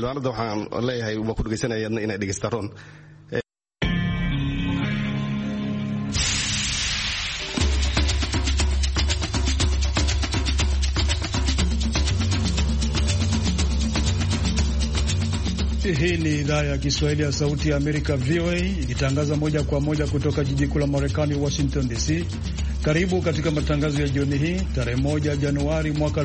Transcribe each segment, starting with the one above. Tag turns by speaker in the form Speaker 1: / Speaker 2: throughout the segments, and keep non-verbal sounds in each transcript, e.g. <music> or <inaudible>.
Speaker 1: xildhibaanada waxaan leeyahay waa ku dhegeysanayaadna inay dhegeystaan
Speaker 2: Hii ni idhaa ya Kiswahili ya Sauti ya Amerika, VOA, ikitangaza moja kwa moja kutoka jiji kuu la Marekani, Washington DC. Karibu katika matangazo ya jioni hii tarehe moja Januari mwaka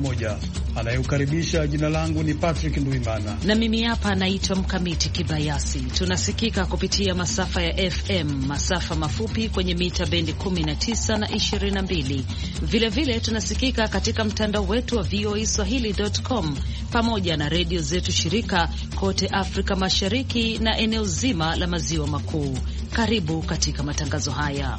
Speaker 2: moja. anayekaribisha jina langu ni Patrick
Speaker 3: Ndwimana
Speaker 4: na mimi hapa naitwa Mkamiti Kibayasi. Tunasikika kupitia masafa ya FM, masafa mafupi kwenye mita bendi 19 na 22. Vilevile vile tunasikika katika mtandao wetu wa VOA e Swahili.com pamoja na redio zetu shirika kote Afrika Mashariki na eneo zima la maziwa makuu. Karibu katika matangazo haya.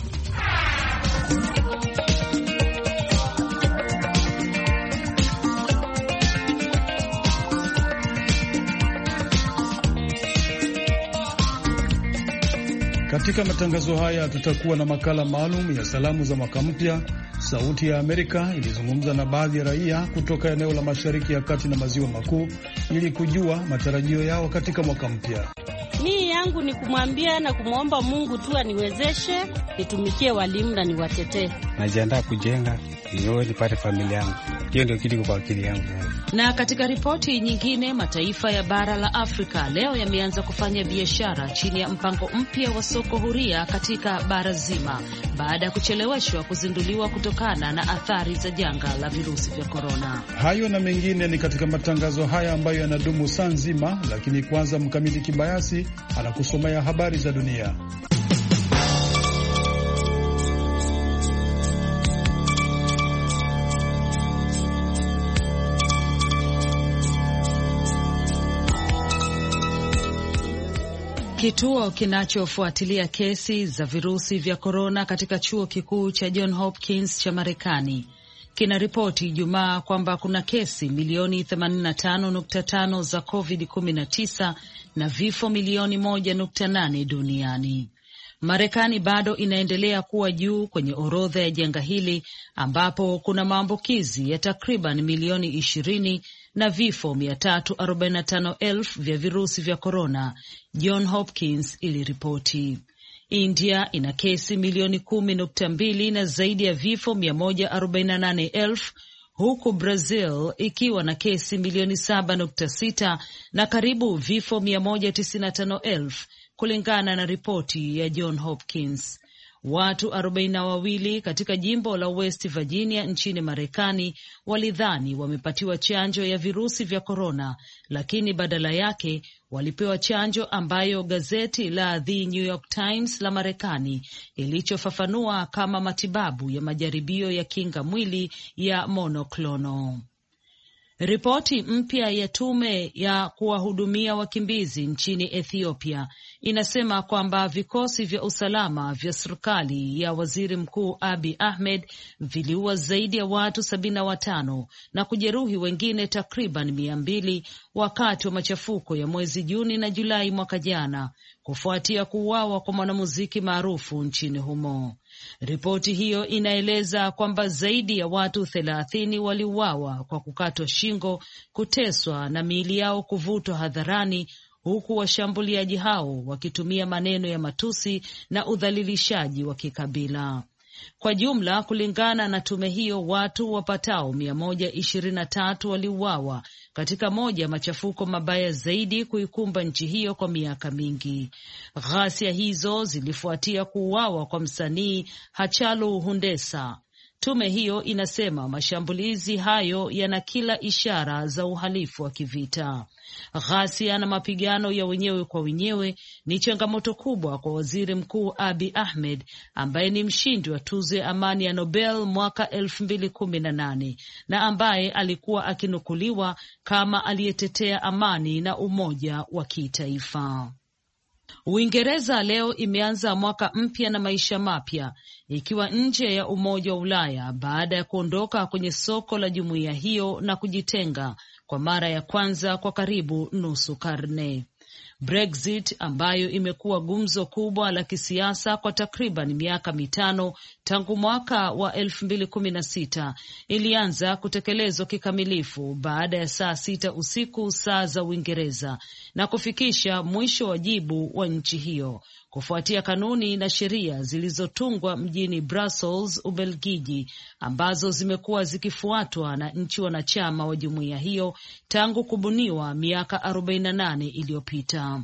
Speaker 2: Katika matangazo haya tutakuwa na makala maalum ya salamu za mwaka mpya Sauti ya Amerika ilizungumza na baadhi ya raia kutoka eneo la Mashariki ya Kati na Maziwa Makuu ili kujua matarajio yao katika mwaka mpya.
Speaker 5: Mii yangu ni kumwambia na kumwomba Mungu tu aniwezeshe nitumikie walimu na niwatetee.
Speaker 6: Najiandaa kujenga niwe nipate familia yangu, hiyo ndio kitu kwa akili yangu.
Speaker 4: Na katika ripoti nyingine, mataifa ya bara la Afrika leo yameanza kufanya biashara chini ya mpango mpya wa soko huria katika bara zima baada ya kucheleweshwa kuzinduliwa kutoka kutokana na athari za janga la virusi vya korona.
Speaker 2: Hayo na mengine ni katika matangazo haya ambayo yanadumu saa nzima, lakini kwanza Mkamiti Kibayasi anakusomea habari za dunia.
Speaker 4: Kituo kinachofuatilia kesi za virusi vya korona katika chuo kikuu cha John Hopkins cha Marekani kinaripoti Ijumaa kwamba kuna kesi milioni 85.5 za COVID-19 na vifo milioni 1.8 duniani. Marekani bado inaendelea kuwa juu kwenye orodha ya janga hili ambapo kuna maambukizi ya takriban milioni ishirini na vifo 345,000 vya virusi vya korona, John Hopkins iliripoti. India ina kesi milioni kumi nukta mbili na zaidi ya vifo 148,000 huku Brazil ikiwa na kesi milioni 7.6 na karibu vifo 195,000 kulingana na ripoti ya John Hopkins. Watu arobaini na wawili katika jimbo la West Virginia nchini Marekani walidhani wamepatiwa chanjo ya virusi vya korona, lakini badala yake walipewa chanjo ambayo gazeti la The New York Times la Marekani ilichofafanua kama matibabu ya majaribio ya kinga mwili ya monoklono. Ripoti mpya ya tume ya kuwahudumia wakimbizi nchini Ethiopia inasema kwamba vikosi vya usalama vya serikali ya waziri mkuu Abi Ahmed viliua zaidi ya watu sabini na watano na kujeruhi wengine takriban mia mbili wakati wa machafuko ya mwezi Juni na Julai mwaka jana kufuatia kuuawa kwa mwanamuziki maarufu nchini humo. Ripoti hiyo inaeleza kwamba zaidi ya watu thelathini waliuawa kwa kukatwa shingo, kuteswa na miili yao kuvutwa hadharani huku washambuliaji hao wakitumia maneno ya matusi na udhalilishaji wa kikabila. Kwa jumla, kulingana na tume hiyo, watu wapatao mia moja ishirini na tatu waliuawa katika moja ya machafuko mabaya zaidi kuikumba nchi hiyo kwa miaka mingi. Ghasia hizo zilifuatia kuuawa kwa msanii Hachalu hundesa Tume hiyo inasema mashambulizi hayo yana kila ishara za uhalifu wa kivita. Ghasia na mapigano ya wenyewe kwa wenyewe ni changamoto kubwa kwa waziri mkuu Abi Ahmed ambaye ni mshindi wa tuzo ya amani ya Nobel mwaka elfu mbili kumi na nane na ambaye alikuwa akinukuliwa kama aliyetetea amani na umoja wa kitaifa. Uingereza leo imeanza mwaka mpya na maisha mapya ikiwa nje ya Umoja wa Ulaya baada ya kuondoka kwenye soko la jumuiya hiyo na kujitenga kwa mara ya kwanza kwa karibu nusu karne. Brexit ambayo imekuwa gumzo kubwa la kisiasa kwa takriban miaka mitano tangu mwaka wa elfu mbili kumi na sita ilianza kutekelezwa kikamilifu baada ya saa sita usiku saa za Uingereza na kufikisha mwisho wa jibu wa nchi hiyo kufuatia kanuni na sheria zilizotungwa mjini Brussels, Ubelgiji, ambazo zimekuwa zikifuatwa na nchi wanachama wa jumuiya hiyo tangu kubuniwa miaka 48 iliyopita.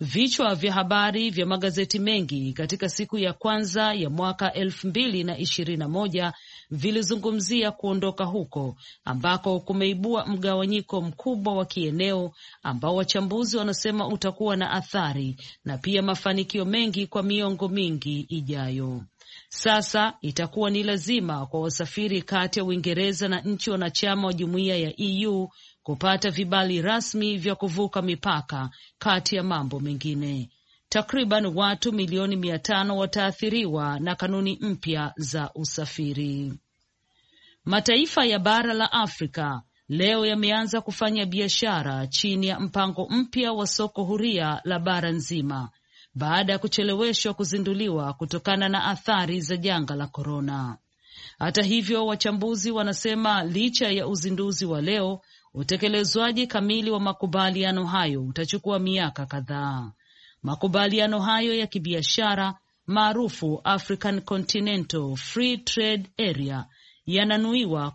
Speaker 4: Vichwa vya habari vya magazeti mengi katika siku ya kwanza ya mwaka elfu mbili na ishirini na moja vilizungumzia kuondoka huko ambako kumeibua mgawanyiko mkubwa wa kieneo ambao wachambuzi wanasema utakuwa na athari na pia mafanikio mengi kwa miongo mingi ijayo. Sasa itakuwa ni lazima kwa wasafiri kati ya Uingereza na nchi wanachama wa jumuiya ya EU kupata vibali rasmi vya kuvuka mipaka, kati ya mambo mengine. Takriban watu milioni mia tano wataathiriwa na kanuni mpya za usafiri. Mataifa ya bara la Afrika leo yameanza kufanya biashara chini ya mpango mpya wa soko huria la bara nzima baada ya kucheleweshwa kuzinduliwa kutokana na athari za janga la korona. Hata hivyo, wachambuzi wanasema licha ya uzinduzi wa leo, utekelezwaji kamili wa makubaliano hayo utachukua miaka kadhaa. Makubaliano hayo ya kibiashara maarufu African Continental Free Trade Area yananuiwa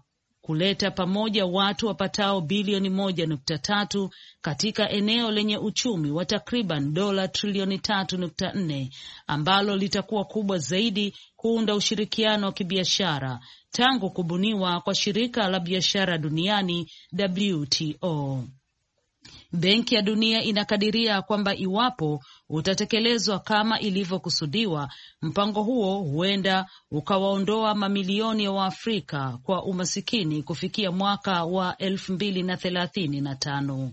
Speaker 4: kuleta pamoja watu wapatao bilioni moja nukta tatu katika eneo lenye uchumi wa takriban dola trilioni tatu nukta nne ambalo litakuwa kubwa zaidi kuunda ushirikiano wa kibiashara tangu kubuniwa kwa shirika la biashara duniani WTO. Benki ya Dunia inakadiria kwamba iwapo utatekelezwa kama ilivyokusudiwa, mpango huo huenda ukawaondoa mamilioni ya wa Waafrika kwa umasikini kufikia mwaka wa elfu mbili na thelathini na tano.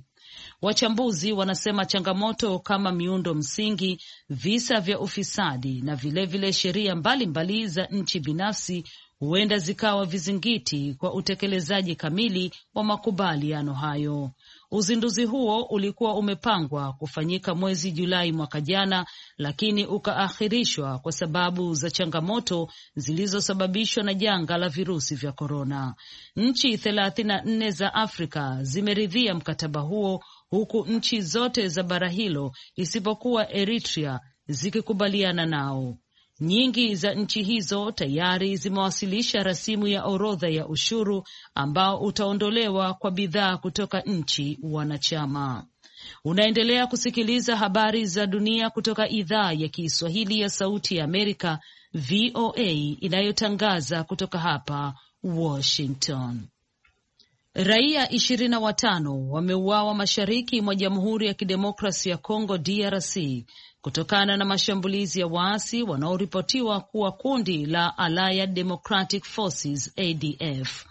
Speaker 4: Wachambuzi wanasema changamoto kama miundo msingi, visa vya ufisadi na vilevile sheria mbalimbali za nchi binafsi huenda zikawa vizingiti kwa utekelezaji kamili wa makubaliano hayo. Uzinduzi huo ulikuwa umepangwa kufanyika mwezi Julai mwaka jana, lakini ukaahirishwa kwa sababu za changamoto zilizosababishwa na janga la virusi vya korona. Nchi thelathini na nne za Afrika zimeridhia mkataba huo huku nchi zote za bara hilo isipokuwa Eritrea zikikubaliana nao. Nyingi za nchi hizo tayari zimewasilisha rasimu ya orodha ya ushuru ambao utaondolewa kwa bidhaa kutoka nchi wanachama. Unaendelea kusikiliza habari za dunia kutoka idhaa ya Kiswahili ya Sauti ya Amerika, VOA, inayotangaza kutoka hapa Washington. Raia ishirini na watano wameuawa mashariki mwa Jamhuri ya Kidemokrasi ya Kongo, DRC, kutokana na mashambulizi ya waasi wanaoripotiwa kuwa kundi la Allied Democratic Forces ADF.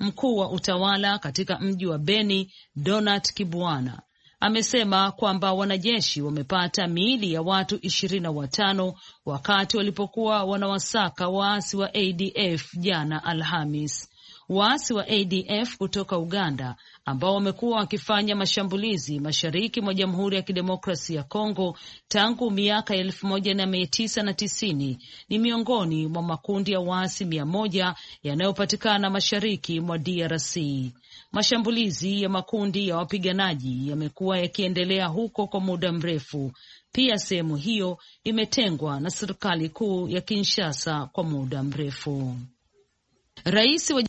Speaker 4: Mkuu wa utawala katika mji wa Beni, Donat Kibwana, amesema kwamba wanajeshi wamepata miili ya watu ishirini na watano wakati walipokuwa wanawasaka waasi wa ADF jana Alhamis. Waasi wa ADF kutoka Uganda ambao wamekuwa wakifanya mashambulizi mashariki mwa Jamhuri ya Kidemokrasi ya Kongo tangu miaka elfu moja na mia tisa na tisini ni miongoni mwa makundi ya waasi mia moja yanayopatikana mashariki mwa DRC. Mashambulizi ya makundi ya wapiganaji yamekuwa yakiendelea huko kwa muda mrefu. Pia sehemu hiyo imetengwa na serikali kuu ya Kinshasa kwa muda mrefu. Rais wa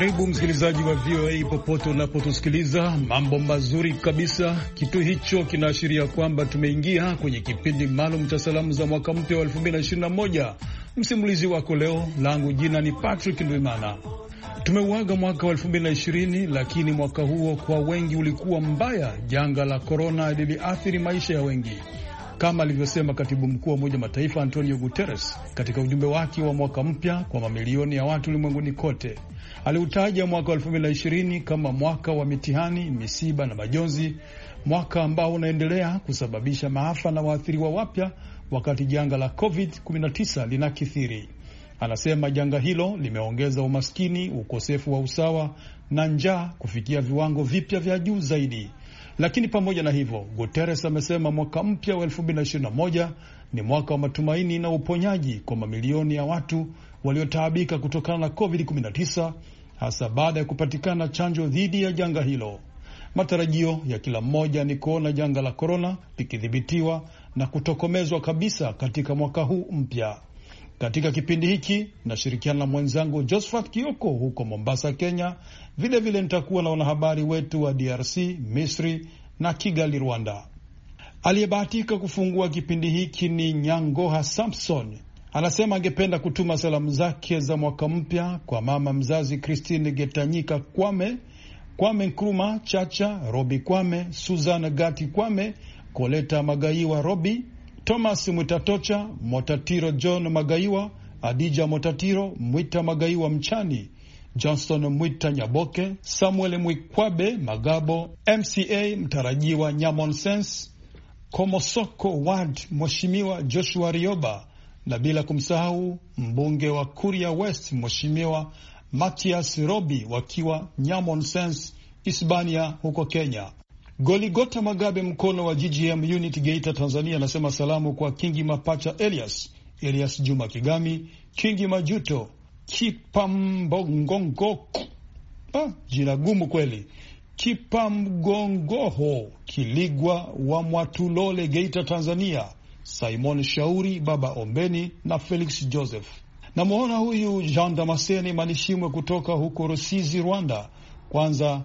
Speaker 2: Karibu msikilizaji wa VOA popote unapotusikiliza, mambo mazuri kabisa. Kitu hicho kinaashiria kwamba tumeingia kwenye kipindi maalum cha salamu za mwaka mpya wa 2021. Msimulizi wako leo langu jina ni Patrick Ndwimana. Tumeuaga mwaka wa 2020, lakini mwaka huo kwa wengi ulikuwa mbaya. Janga la korona liliathiri maisha ya wengi kama alivyosema katibu mkuu wa Umoja wa Mataifa Antonio Guterres katika ujumbe wake wa mwaka mpya kwa mamilioni ya watu ulimwenguni kote. Aliutaja mwaka wa 2020 kama mwaka wa mitihani, misiba na majonzi, mwaka ambao unaendelea kusababisha maafa na waathiriwa wapya, wakati janga la COVID-19 linakithiri. Anasema janga hilo limeongeza umaskini, ukosefu wa usawa na njaa kufikia viwango vipya vya juu zaidi. Lakini pamoja na hivyo, Guterres amesema mwaka mpya wa 2021 ni mwaka wa matumaini na uponyaji kwa mamilioni ya watu waliotaabika kutokana na COVID-19 hasa baada ya kupatikana chanjo dhidi ya janga hilo. Matarajio ya kila mmoja ni kuona janga la korona likidhibitiwa na kutokomezwa kabisa katika mwaka huu mpya. Katika kipindi hiki nashirikiana na mwenzangu Josephat Kioko huko Mombasa, Kenya, Vilevile nitakuwa na wanahabari wetu wa DRC, Misri na Kigali, Rwanda. Aliyebahatika kufungua kipindi hiki ni Nyangoha Samson. Anasema angependa kutuma salamu zake za mwaka mpya kwa mama mzazi Christine Getanyika Kwame, Kwame Nkruma Chacha, Robi Kwame, suzan Gati Kwame, Koleta Magaiwa Robi, Thomas Mwitatocha, Motatiro John Magaiwa, Adija Motatiro, Mwita Magaiwa Mchani, Johnston Mwita Nyaboke, Samuel Mwikwabe Magabo, MCA mtarajiwa Nyamonsense Komosoko Ward, Mheshimiwa Joshua Rioba na bila kumsahau mbunge wa Kuria West Mheshimiwa Matias Robi wakiwa Nyamonsense, Hispania huko Kenya. Goligota Magabe mkono wa GGM unit Geita, Tanzania anasema salamu kwa Kingi Mapacha, Elias Elias Juma Kigami, Kingi Majuto Kipambongongok. Ah, jina gumu kweli. Kipamgongoho Kiligwa wa Mwatulole, Geita, Tanzania. Simon Shauri, Baba Ombeni na Felix Joseph. Namwona huyu Jean Damaseni Manishimwe kutoka huko Rusizi, Rwanda. Kwanza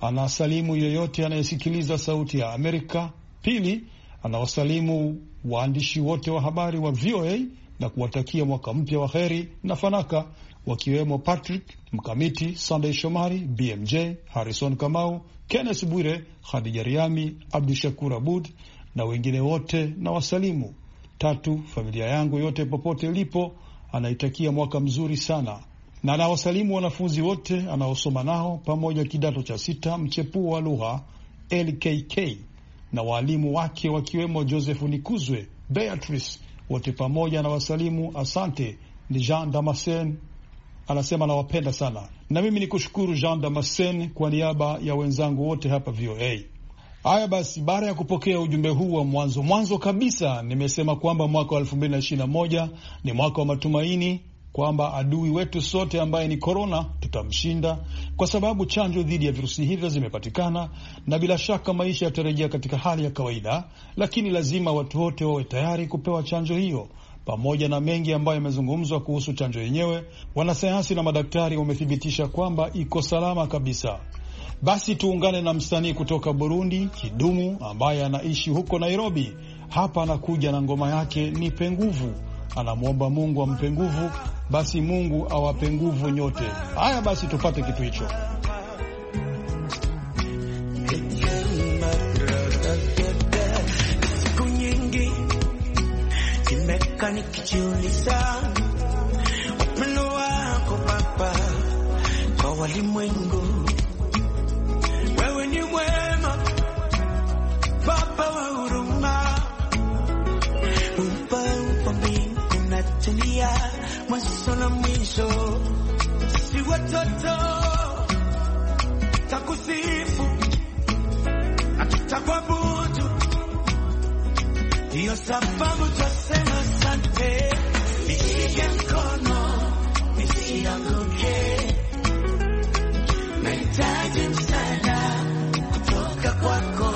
Speaker 2: anasalimu yoyote anayesikiliza Sauti ya Amerika. Pili anawasalimu waandishi wote wa habari wa VOA na kuwatakia mwaka mpya wa heri na fanaka, wakiwemo Patrick Mkamiti, Sandey Shomari, BMJ Harrison Kamau, kennes Bwire, Khadija Riami, Abdu Shakur Abud na wengine wote na wasalimu. Tatu, familia yangu yote popote ulipo anaitakia mwaka mzuri sana na anawasalimu wanafunzi wote anaosoma nao pamoja kidato cha sita mchepuo wa lugha LKK na waalimu wake wakiwemo josefu Nikuzwe, Beatrice wote pamoja na wasalimu asante. Ni Jean Damasen anasema nawapenda sana, na mimi ni kushukuru Jean Damasen kwa niaba ya wenzangu wote hapa VOA. Haya basi, baada ya kupokea ujumbe huu wa mwanzo mwanzo kabisa, nimesema kwamba mwaka wa elfu mbili na ishirini na moja ni mwaka wa matumaini kwamba adui wetu sote ambaye ni korona tutamshinda, kwa sababu chanjo dhidi ya virusi hivyo zimepatikana, na bila shaka maisha yatarejea katika hali ya kawaida, lakini lazima watu wote wawe tayari kupewa chanjo hiyo. Pamoja na mengi ambayo yamezungumzwa kuhusu chanjo yenyewe, wanasayansi na madaktari wamethibitisha kwamba iko salama kabisa. Basi tuungane na msanii kutoka Burundi, Kidumu, ambaye anaishi huko Nairobi. Hapa anakuja na ngoma yake nipe nguvu anamwomba Mungu ampe nguvu, basi Mungu awape nguvu nyote. Haya basi, tupate kitu hicho.
Speaker 3: Siku nyingi nikijiuliza upendo wako Baba kwa walimwengu macho na mwisho, si watoto takusifu akitakuabudu, ndiyo sababu twasema asante. Nishike mkono nisianguke, nahitaji msaada kutoka kwako,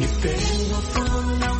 Speaker 3: nipe nguvu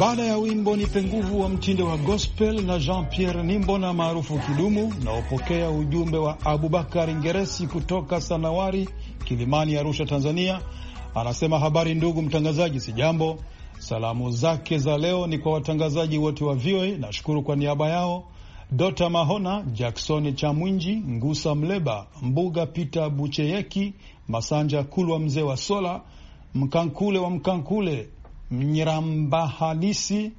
Speaker 2: baada ya wimbo nipe nguvu wa mtindo wa gospel na Jean Pierre Nimbona maarufu Kidumu, naopokea ujumbe wa Abubakar Ngeresi kutoka Sanawari, Kilimani, Arusha, Tanzania. Anasema habari ndugu mtangazaji, si jambo. Salamu zake za leo ni kwa watangazaji wote wa VOA, nashukuru kwa niaba yao Dota Mahona, Jackson Chamwinji, Ngusa Mleba, Mbuga Peter Bucheyeki, Masanja Kulwa, mzee wa Sola, Mkankule wa Mkankule, mnyirambahalisi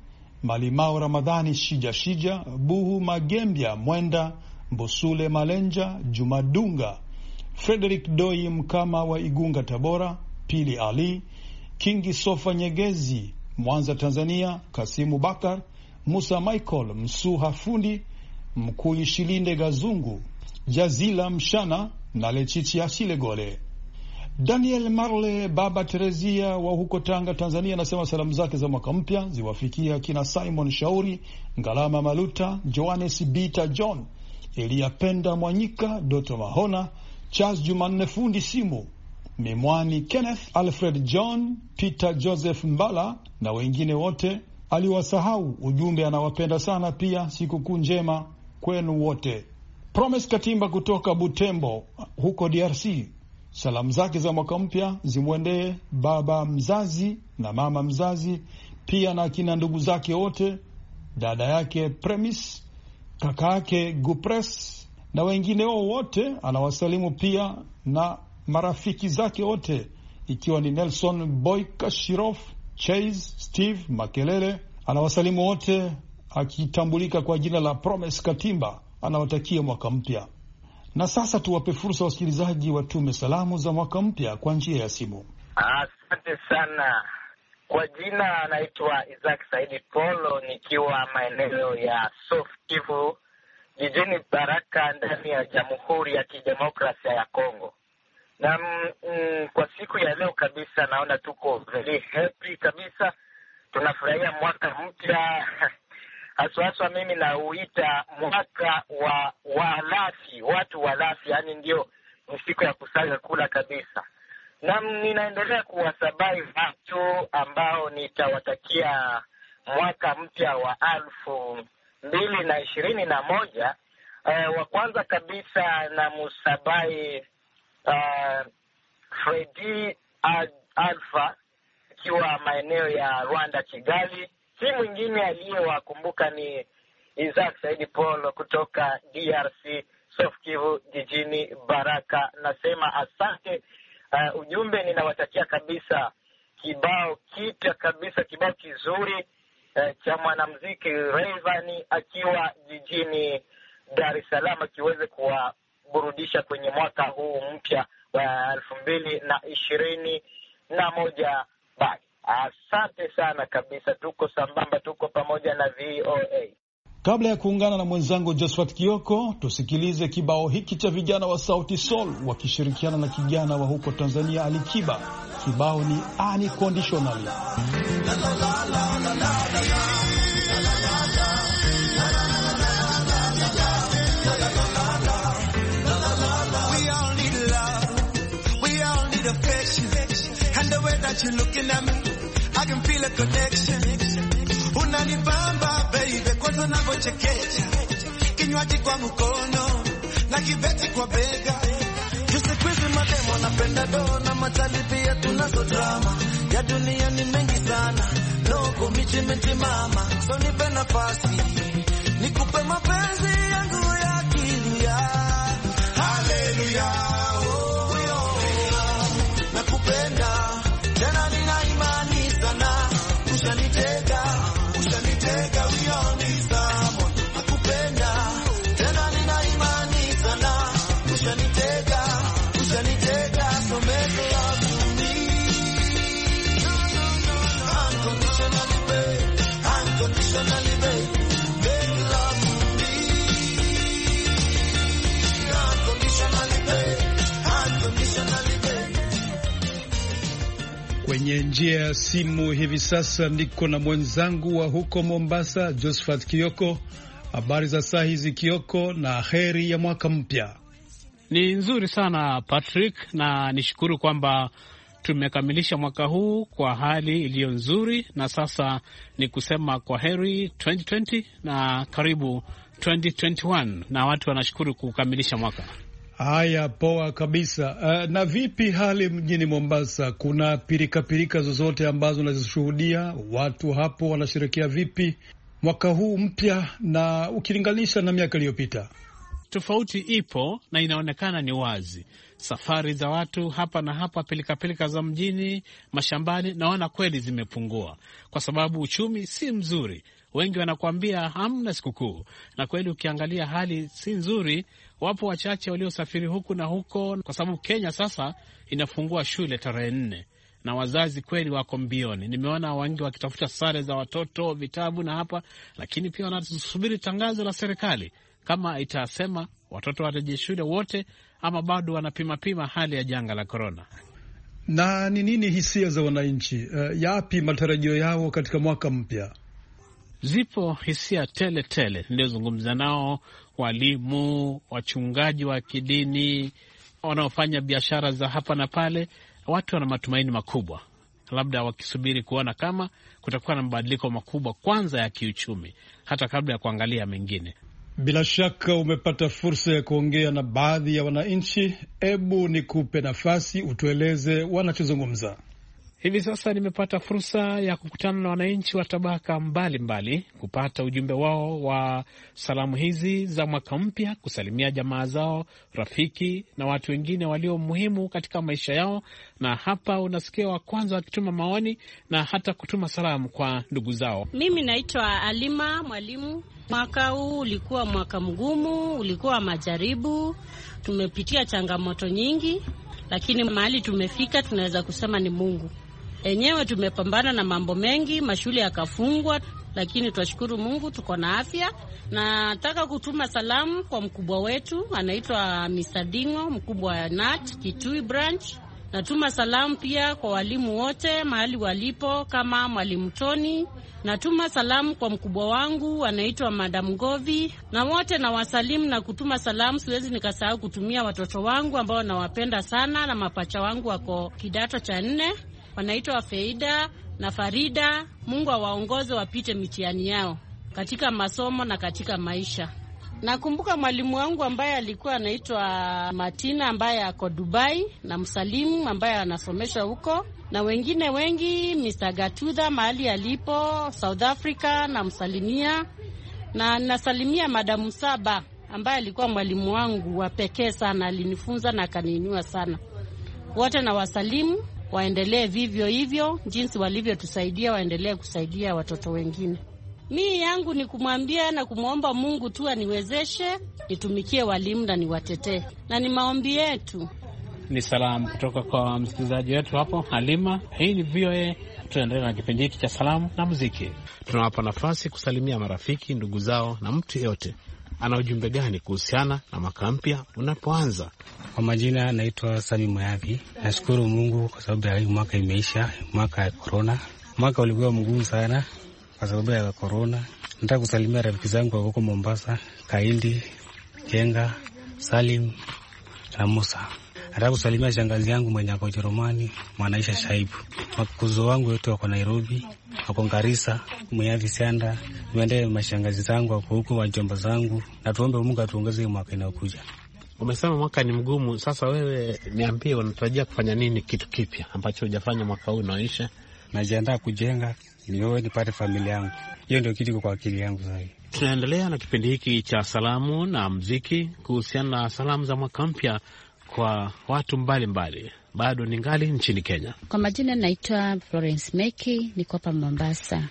Speaker 2: Malimao Ramadhani Shijashija Shija, Buhu Magembya Mwenda Mbusule Malenja Jumadunga Frederik Doi Mkama wa Igunga Tabora, Pili Ali Kingi Sofa Nyegezi Mwanza Tanzania, Kasimu Bakar Musa Michael Msuha Fundi Mkuu Shilinde Gazungu Jazila Mshana na Lechichi Asilegole Daniel Marle, baba Terezia wa huko Tanga, Tanzania, anasema salamu zake za mwaka mpya ziwafikia kina Simon Shauri, Ngalama Maluta, Johannes Bita, John Eliyapenda Mwanyika, Doto Mahona, Charles Jumanne fundi simu Mimwani, Kenneth Alfred, John Peter Joseph Mbala na wengine wote aliwasahau. Ujumbe anawapenda sana pia. Sikukuu njema kwenu wote. Promise Katimba kutoka Butembo huko DRC Salamu zake za mwaka mpya zimwendee baba mzazi na mama mzazi, pia na akina ndugu zake wote, dada yake Premis, kaka yake Gupres na wengine wao wote. Anawasalimu pia na marafiki zake wote, ikiwa ni Nelson Boykashirof, Chase, Steve Makelele. Anawasalimu wote akitambulika kwa jina la Promes Katimba. Anawatakia mwaka mpya na sasa tuwape fursa wasikilizaji watume salamu za mwaka mpya kwa njia ya simu.
Speaker 7: Asante sana. Kwa jina anaitwa Isaac Saidi Polo, nikiwa maeneo ya South Kivu jijini Baraka ndani ya Jamhuri ya Kidemokrasia ya Kongo. Na mm, kwa siku ya leo kabisa naona tuko very happy kabisa, tunafurahia mwaka mpya <laughs> haswa haswa, mimi nauita mwaka wa walafi, watu walafi, yaani ndio ni siku ya kusaga kula kabisa, na ninaendelea kuwasabai watu ambao nitawatakia mwaka mpya wa elfu mbili na ishirini na moja. Uh, wa kwanza kabisa na musabai uh, eh, Fredi Alfa akiwa maeneo ya Rwanda Kigali si mwingine aliyewakumbuka ni Isaac Saidi Paul kutoka DRC Sof Kivu jijini Baraka. Nasema asante. Uh, ujumbe ninawatakia kabisa kibao kipya kabisa, kibao kizuri uh, cha mwanamuziki Rayvanny akiwa jijini Dar es Salaam akiweze kuwaburudisha kwenye mwaka huu mpya wa elfu mbili na ishirini na moja. Bye. Asante sana kabisa, tuko sambamba, tuko pamoja na VOA.
Speaker 2: Kabla ya kuungana na mwenzangu Josphat Kioko, tusikilize kibao hiki cha vijana wa Sauti Sol wakishirikiana na kijana wa huko Tanzania Alikiba. Kibao ni Unconditionally.
Speaker 3: I can feel a connection. Unanibamba baby, kwanza unavyochekecha, kinywaji kwa mkono na kibeti kwa bega. Tusikuizi mademo napenda do na matali pia, tunazo drama ya dunia ni mengi sana, noko michi miti mama, so nipe nafasi nikupe mapenzi yangu ya akili ya haleluya. Oh, oh, oh, nakupenda tena every day.
Speaker 2: kwenye njia ya simu hivi sasa niko na mwenzangu wa huko Mombasa, Josephat Kioko. Habari za saa hizi Kioko, na heri ya mwaka mpya.
Speaker 6: Ni nzuri sana Patrick, na nishukuru kwamba tumekamilisha mwaka huu kwa hali iliyo nzuri, na sasa ni kusema kwa heri 2020 na karibu 2021, na watu wanashukuru kukamilisha mwaka
Speaker 2: Haya, poa kabisa. Uh, na vipi hali mjini Mombasa, kuna pirikapirika pirika zozote ambazo unazishuhudia? Watu hapo wanasherekea vipi mwaka huu mpya, na ukilinganisha na miaka iliyopita?
Speaker 6: Tofauti ipo na inaonekana ni wazi. Safari za watu hapa na hapa, pilikapilika za mjini, mashambani, naona kweli zimepungua, kwa sababu uchumi si mzuri wengi wanakuambia hamna sikukuu, na kweli ukiangalia hali si nzuri. Wapo wachache waliosafiri huku na huko, kwa sababu Kenya sasa inafungua shule tarehe nne na wazazi kweli wako mbioni. Nimeona wengi wakitafuta sare za watoto, vitabu na hapa, lakini pia wanasubiri tangazo la serikali kama itasema watoto wataje shule wote, ama bado wanapimapima hali ya janga la korona.
Speaker 2: Na ni nini hisia za wananchi? Uh, yapi matarajio yao katika mwaka mpya? Zipo hisia tele tele
Speaker 6: niliyozungumza nao, walimu, wachungaji wa kidini, wanaofanya biashara za hapa na pale. Watu wana matumaini makubwa, labda wakisubiri kuona kama kutakuwa na mabadiliko makubwa, kwanza ya kiuchumi, hata kabla ya kuangalia
Speaker 2: mengine. Bila shaka umepata fursa ya kuongea na baadhi ya wananchi. Hebu nikupe nafasi utueleze wanachozungumza. Hivi sasa nimepata
Speaker 6: fursa ya kukutana na wananchi wa tabaka mbalimbali mbali, kupata ujumbe wao wa salamu hizi za mwaka mpya, kusalimia jamaa zao, rafiki na watu wengine walio muhimu katika maisha yao. Na hapa unasikia wa kwanza wakituma maoni na hata kutuma salamu kwa ndugu zao.
Speaker 5: Mimi naitwa Alima Mwalimu. Mwaka huu ulikuwa mwaka mgumu, ulikuwa majaribu, tumepitia changamoto nyingi, lakini mahali tumefika tunaweza kusema ni Mungu enyewe tumepambana na mambo mengi, mashule yakafungwa, lakini twashukuru Mungu tuko na afya. Nataka kutuma salamu kwa mkubwa wetu anaitwa misadingo mkubwa wa NAT Kitui branch. Natuma salamu pia kwa walimu wote mahali walipo, kama mwalimu Toni. Natuma salamu kwa mkubwa wangu anaitwa Madam Govi, na wote nawasalimu na kutuma salamu. Siwezi nikasahau kutumia watoto wangu ambao nawapenda sana, na mapacha wangu wako kidato cha nne wanaitwa Feida na Farida. Mungu awaongoze wapite mitihani yao katika masomo na katika maisha. Nakumbuka mwalimu wangu ambaye alikuwa anaitwa Matina ambaye ako Dubai na msalimu ambaye anasomesha huko na wengine wengi, Mr Gatuda mahali alipo South Africa namsalimia, na nasalimia madamu Saba ambaye alikuwa mwalimu wangu wa pekee sana, alinifunza na akaniinua sana. Wote na wasalimu waendelee vivyo hivyo jinsi walivyotusaidia, waendelee kusaidia watoto wengine. Mii yangu ni kumwambia na kumwomba Mungu tu aniwezeshe nitumikie walimu na niwatetee, na ni maombi yetu.
Speaker 6: Ni salamu kutoka kwa msikilizaji wetu hapo Halima. Hii ni VOA, tunaendelea na kipindi hiki cha salamu na muziki. Tunawapa nafasi kusalimia marafiki, ndugu zao na mtu yeyote ana ujumbe gani kuhusiana na mwaka mpya unapoanza? Kwa majina naitwa Sami mwayavi Nashukuru Mungu kwa sababu ya hii mwaka imeisha, mwaka ya korona. Mwaka ulikuwa mgumu sana kwa sababu ya korona. Nataka kusalimia rafiki zangu wakoko Mombasa, Kaindi, Jenga, Salim na Musa. Nataka kusalimia shangazi yangu mwenye ako Jerumani, Mwanaisha Shaibu. Wakuzo wangu wote wako Nairobi, wako Ngarisa, Mwiathi Sianda, uende mashangazi zangu wako huko, wajomba zangu, na tuombe Mungu atuongeze mwaka inayokuja. Umesema mwaka ni mgumu. Sasa wewe niambie, unatarajia kufanya nini, kitu kipya ambacho hujafanya mwaka huu unaoisha? Najiandaa kujenga nioe, nipate familia yangu. Hiyo ndio kitu kwa akili yangu sahii. Tunaendelea na kipindi hiki cha salamu na mziki kuhusiana na salamu za mwaka mpya kwa watu mbalimbali mbali. Bado ngali nchini Kenya.
Speaker 5: Kwa majina naitwa Florence Meki, niko hapa Mombasa.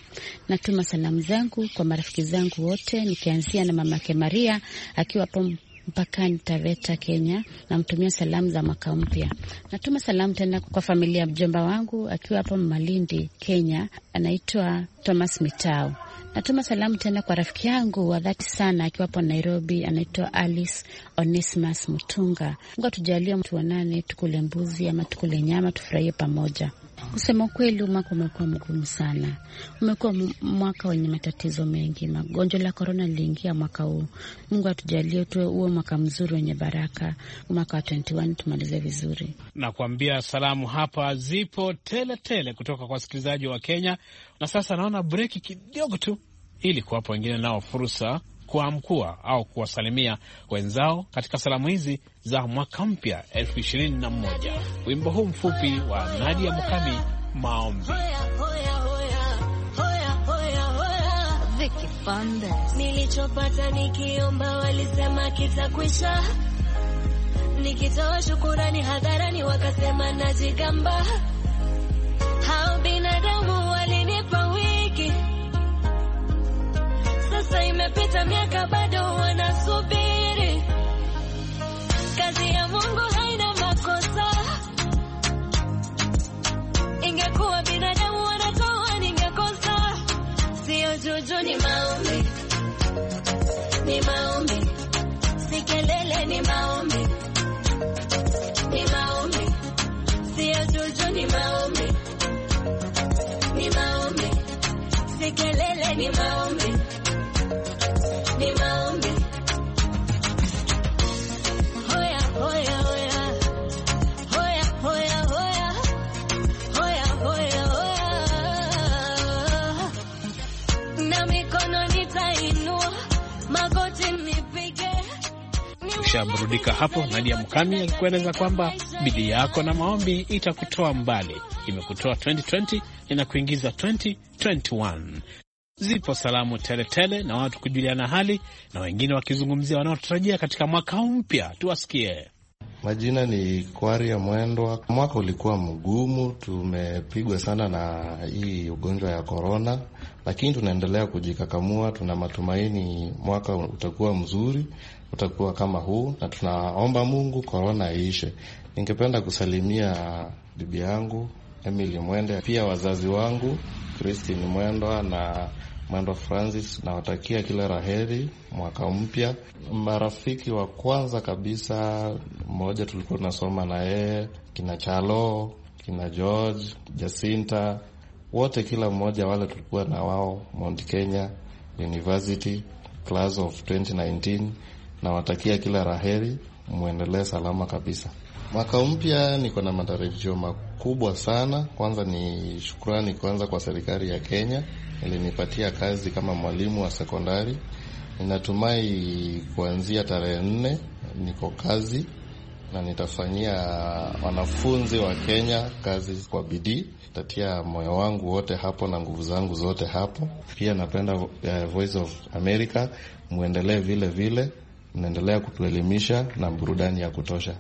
Speaker 5: Natuma salamu zangu kwa marafiki zangu wote, nikianzia na mamake Maria akiwa hapo mpakani Taveta, Kenya. Namtumia salamu za mwaka mpya. Natuma salamu tena kwa familia ya mjomba wangu akiwa hapo Malindi, Kenya, anaitwa Thomas Mitao. Natuma salamu tena kwa rafiki yangu wa dhati sana akiwapo Nairobi, anaitwa Alice Onesmus Mutunga. Mungu atujalie tuonane, tukule mbuzi ama tukule nyama, tufurahie pamoja. Kusema kweli, mwaka umekuwa mgumu sana, umekuwa mwaka wenye matatizo mengi. Magonjwa la korona liliingia mwaka huu. Mungu atujalie tuwe uwe mwaka mzuri wenye baraka, mwaka wa 21 tumalize vizuri.
Speaker 6: Nakuambia salamu hapa zipo teletele tele kutoka kwa wasikilizaji wa Kenya. Na sasa naona breki kidogo tu ili kuwapa wengine nao fursa kuamkua au kuwasalimia wenzao katika salamu hizi za mwaka mpya elfu Wimbo huu mfupi wa Nadia Mukami, maombi
Speaker 8: nilichopata nikiomba walisema kitakwisha, nikitoa shukurani hadharani wakasema najigamba, hao binadamu sasa imepita miaka bado wanasubiri. Kazi ya Mungu haina makosa, ingekuwa binadamu wanatoa ningekosa. Sio juju, ni maombi, ni maombi, si kelele, ni maombi, ni maombi, sio juju, ni maombi, ni maombi, si kelele, ni maombi
Speaker 6: Burudika hapo. Nadia Mkami alikueleza kwamba bidii yako na maombi itakutoa mbali, imekutoa 2020 inakuingiza 2021. Zipo salamu teletele tele, na watu kujuliana hali na wengine wakizungumzia wanaotarajia katika mwaka mpya. Tuwasikie.
Speaker 1: Majina ni Kwaria Mwendwa. Mwaka ulikuwa mgumu, tumepigwa sana na hii ugonjwa ya korona, lakini tunaendelea kujikakamua. Tuna matumaini mwaka utakuwa mzuri, utakuwa kama huu, na tunaomba Mungu korona iishe. Ningependa kusalimia bibi yangu Emily Mwende, pia wazazi wangu Christine Mwendwa na Mwendwa Francis. Nawatakia kila raheri mwaka mpya. Marafiki wa kwanza kabisa, mmoja tulikuwa tunasoma na yeye, kina Chalo, kina George, Jacinta, wote kila mmoja wale tulikuwa na wao Mount Kenya University, class of 2019 Nawatakia kila raheri, mwendelee salama kabisa. Mwaka mpya niko na matarajio makubwa sana. Kwanza ni shukrani kwanza kwa serikali ya Kenya ilinipatia kazi kama mwalimu wa sekondari. Ninatumai kuanzia tarehe nne niko kazi na nitafanyia wanafunzi wa Kenya kazi kwa bidii. Tatia moyo wangu wote hapo na nguvu zangu zote hapo. Pia napenda eh, Voice of America mwendelee vile vile mnaendelea kutuelimisha na burudani ya kutosha.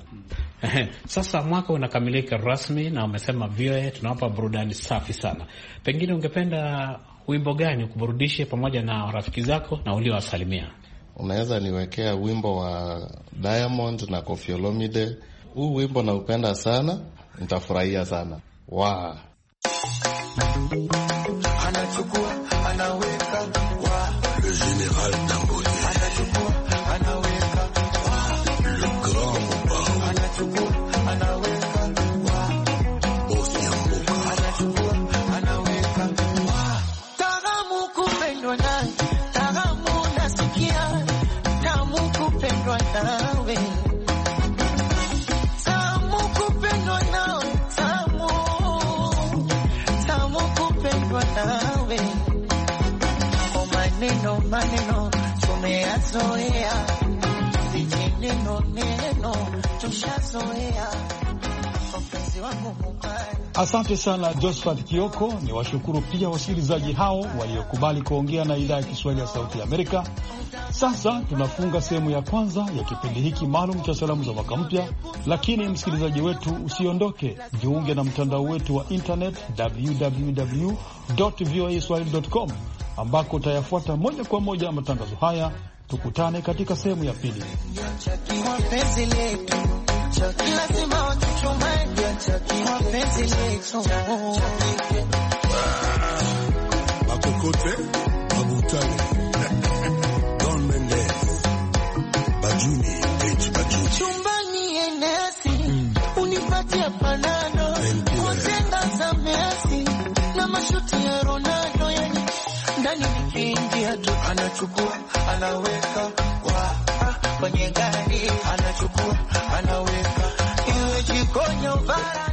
Speaker 6: Sasa mwaka unakamilika rasmi, na umesema VOA tunawapa burudani safi sana. Pengine ungependa wimbo gani ukuburudishe pamoja na rafiki zako na uliowasalimia?
Speaker 1: Unaweza niwekea wimbo wa Diamond na Koffi Olomide. Huu wimbo naupenda sana, nitafurahia sana wa wow.
Speaker 2: Asante sana Josphat Kioko. Ni washukuru pia wasikilizaji hao waliokubali kuongea na idhaa ya Kiswahili ya Sauti ya Amerika. Sasa tunafunga sehemu ya kwanza ya kipindi hiki maalum cha salamu za mwaka mpya, lakini msikilizaji wetu usiondoke, jiunge na mtandao wetu wa internet www voa swahili com, ambako utayafuata moja kwa moja matangazo haya. Tukutane katika sehemu ya pili.
Speaker 3: Chucky, lazima wachuchumaje Chucky, ah, <laughs> hmm. anachukua anaweka wa ah, kwenye gari anachukua anaweka Coño, para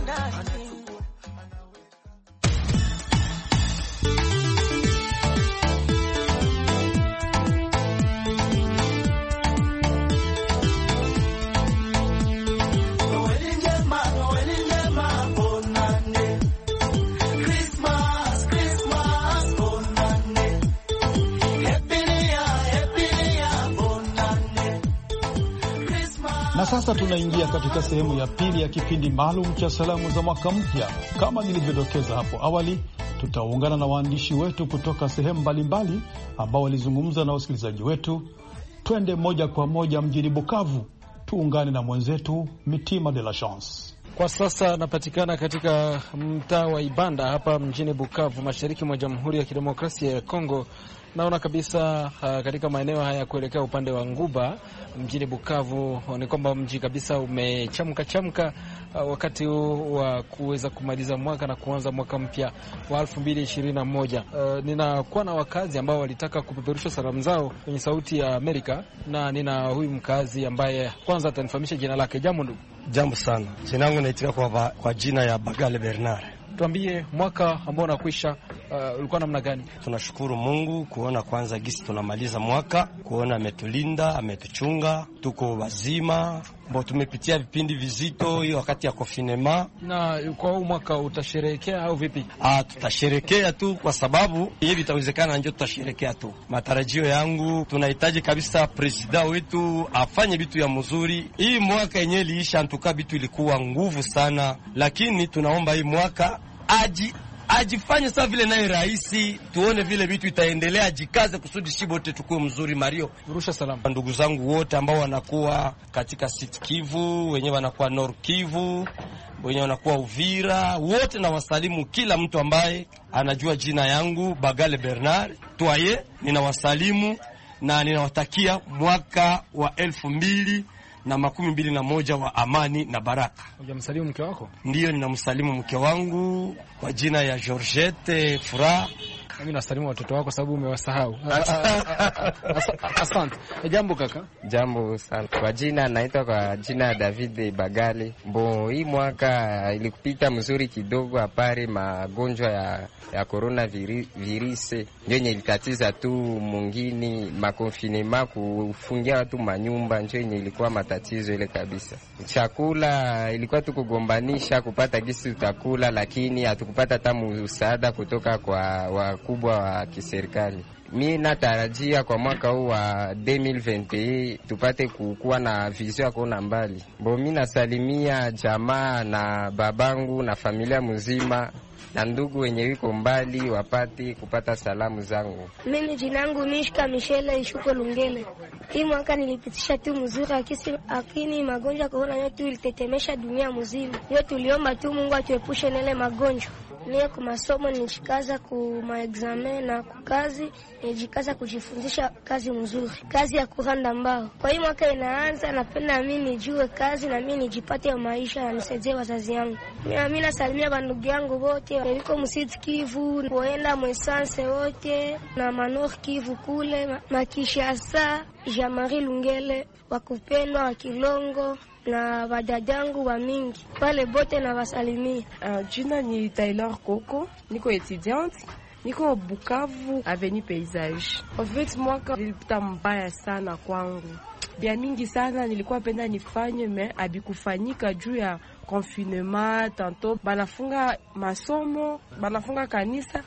Speaker 2: sasa tunaingia katika sehemu ya pili ya kipindi maalum cha salamu za mwaka mpya. Kama nilivyodokeza hapo awali, tutaungana na waandishi wetu kutoka sehemu mbalimbali ambao walizungumza na wasikilizaji wetu. Twende moja kwa moja mjini Bukavu, tuungane na mwenzetu Mitima de la Chance.
Speaker 9: Kwa sasa napatikana katika mtaa wa Ibanda hapa mjini Bukavu, mashariki mwa Jamhuri ya Kidemokrasia ya Kongo, naona kabisa uh, katika maeneo haya kuelekea upande wa Nguba mjini Bukavu ni kwamba mji kabisa umechamka chamka, uh, wakati huu wa kuweza kumaliza mwaka na kuanza mwaka mpya wa 2021. Uh, ninakuwa na wakazi ambao walitaka kupeperusha salamu zao kwenye Sauti ya Amerika, na nina huyu mkazi ambaye kwanza atanifahamisha jina lake. Jambo ndugu.
Speaker 10: Jambo sana, jina langu naitika kwa, kwa jina ya Bagale Bernard tuambie mwaka ambao unakwisha uh, ulikuwa uh, namna gani? Tunashukuru Mungu kuona kwanza gisi tunamaliza mwaka, kuona ametulinda, ametuchunga, tuko wazima, bo tumepitia vipindi vizito hiyo wakati ya kofinema. Na kwa huu mwaka utasherehekea au vipi? Ah, tutasherehekea tu kwa sababu hivi vitawezekana, ndio tutasherehekea tu. Matarajio yangu tunahitaji kabisa presida wetu afanye vitu ya mzuri. Hii mwaka yenyewe iliisha, antuka vitu ilikuwa nguvu sana, lakini tunaomba hii mwaka aji ajifanye saa vile naye rahisi, tuone vile vitu itaendelea, ajikaze kusudi shi bote tukuwe mzuri. Mario rusha salamu ndugu zangu wote ambao wanakuwa katika sit Kivu, wenyewe wanakuwa nor Kivu, wenyewe wanakuwa Uvira, wote na wasalimu kila mtu ambaye anajua jina yangu Bagale Bernard Twaye, ninawasalimu na ninawatakia mwaka wa elfu mbili na makumi mbili na moja wa amani na baraka. Hujamsalimu mke wako? Ndiyo, ninamsalimu mke wangu kwa jina ya Georgette Furaha mimi nasalimu watoto wako sababu umewasahau.
Speaker 1: <laughs> Asante. Jambo kaka. Jambo sana. Kwa jina naitwa kwa jina David Bagali. Mbo, hii mwaka ilikupita mzuri kidogo, apari magonjwa ya ya corona viri, virisi ndio yenye ilitatiza tu mungini makonfinema kufungia watu manyumba, ndio yenye ilikuwa matatizo ile kabisa. Chakula ilikuwa tukugombanisha kupata gisi tutakula, lakini hatukupata hata msaada kutoka kwa wa, mkubwa wa kiserikali. Mi natarajia kwa mwaka huu wa 2021 tupate kukuwa na vizio ya kuona mbali mbo Mi nasalimia jamaa na babangu na familia mzima na ndugu wenye wiko mbali wapate kupata salamu zangu.
Speaker 8: Mimi jinangu Mishka Mishele Ishuko Lungele. Hii mwaka nilipitisha tu mzuri, lakini magonjwa ya korona ilitetemesha dunia mzima. yo tuliomba tu Mungu atuepushe nele magonjwa. Mie kwa masomo nijikaza ku maexame na kukazi, nijikaza kujifunzisha kazi mzuri, kazi ya kuranda mbao. Kwa hii mwaka inaanza, napenda mi nijue kazi na mi nijipate ya maisha yanisaidie wazazi yangu. Mi nasalimia bandugu yangu wote niko msiti Kivu, kuenda mwesanse wote na manor Kivu kule makishasa, Jamari Lungele, wakupendwa wakilongo na wadadangu wa mingi
Speaker 11: pale bote na wasalimia. Uh, jina ni Taylor Koko, niko etudiante niko Bukavu aveni paysage. En fait mwaka vilipita mbaya sana kwangu, bia mingi sana nilikuwa penda nifanye me abikufanyika juu ya confinement, tanto banafunga masomo banafunga kanisa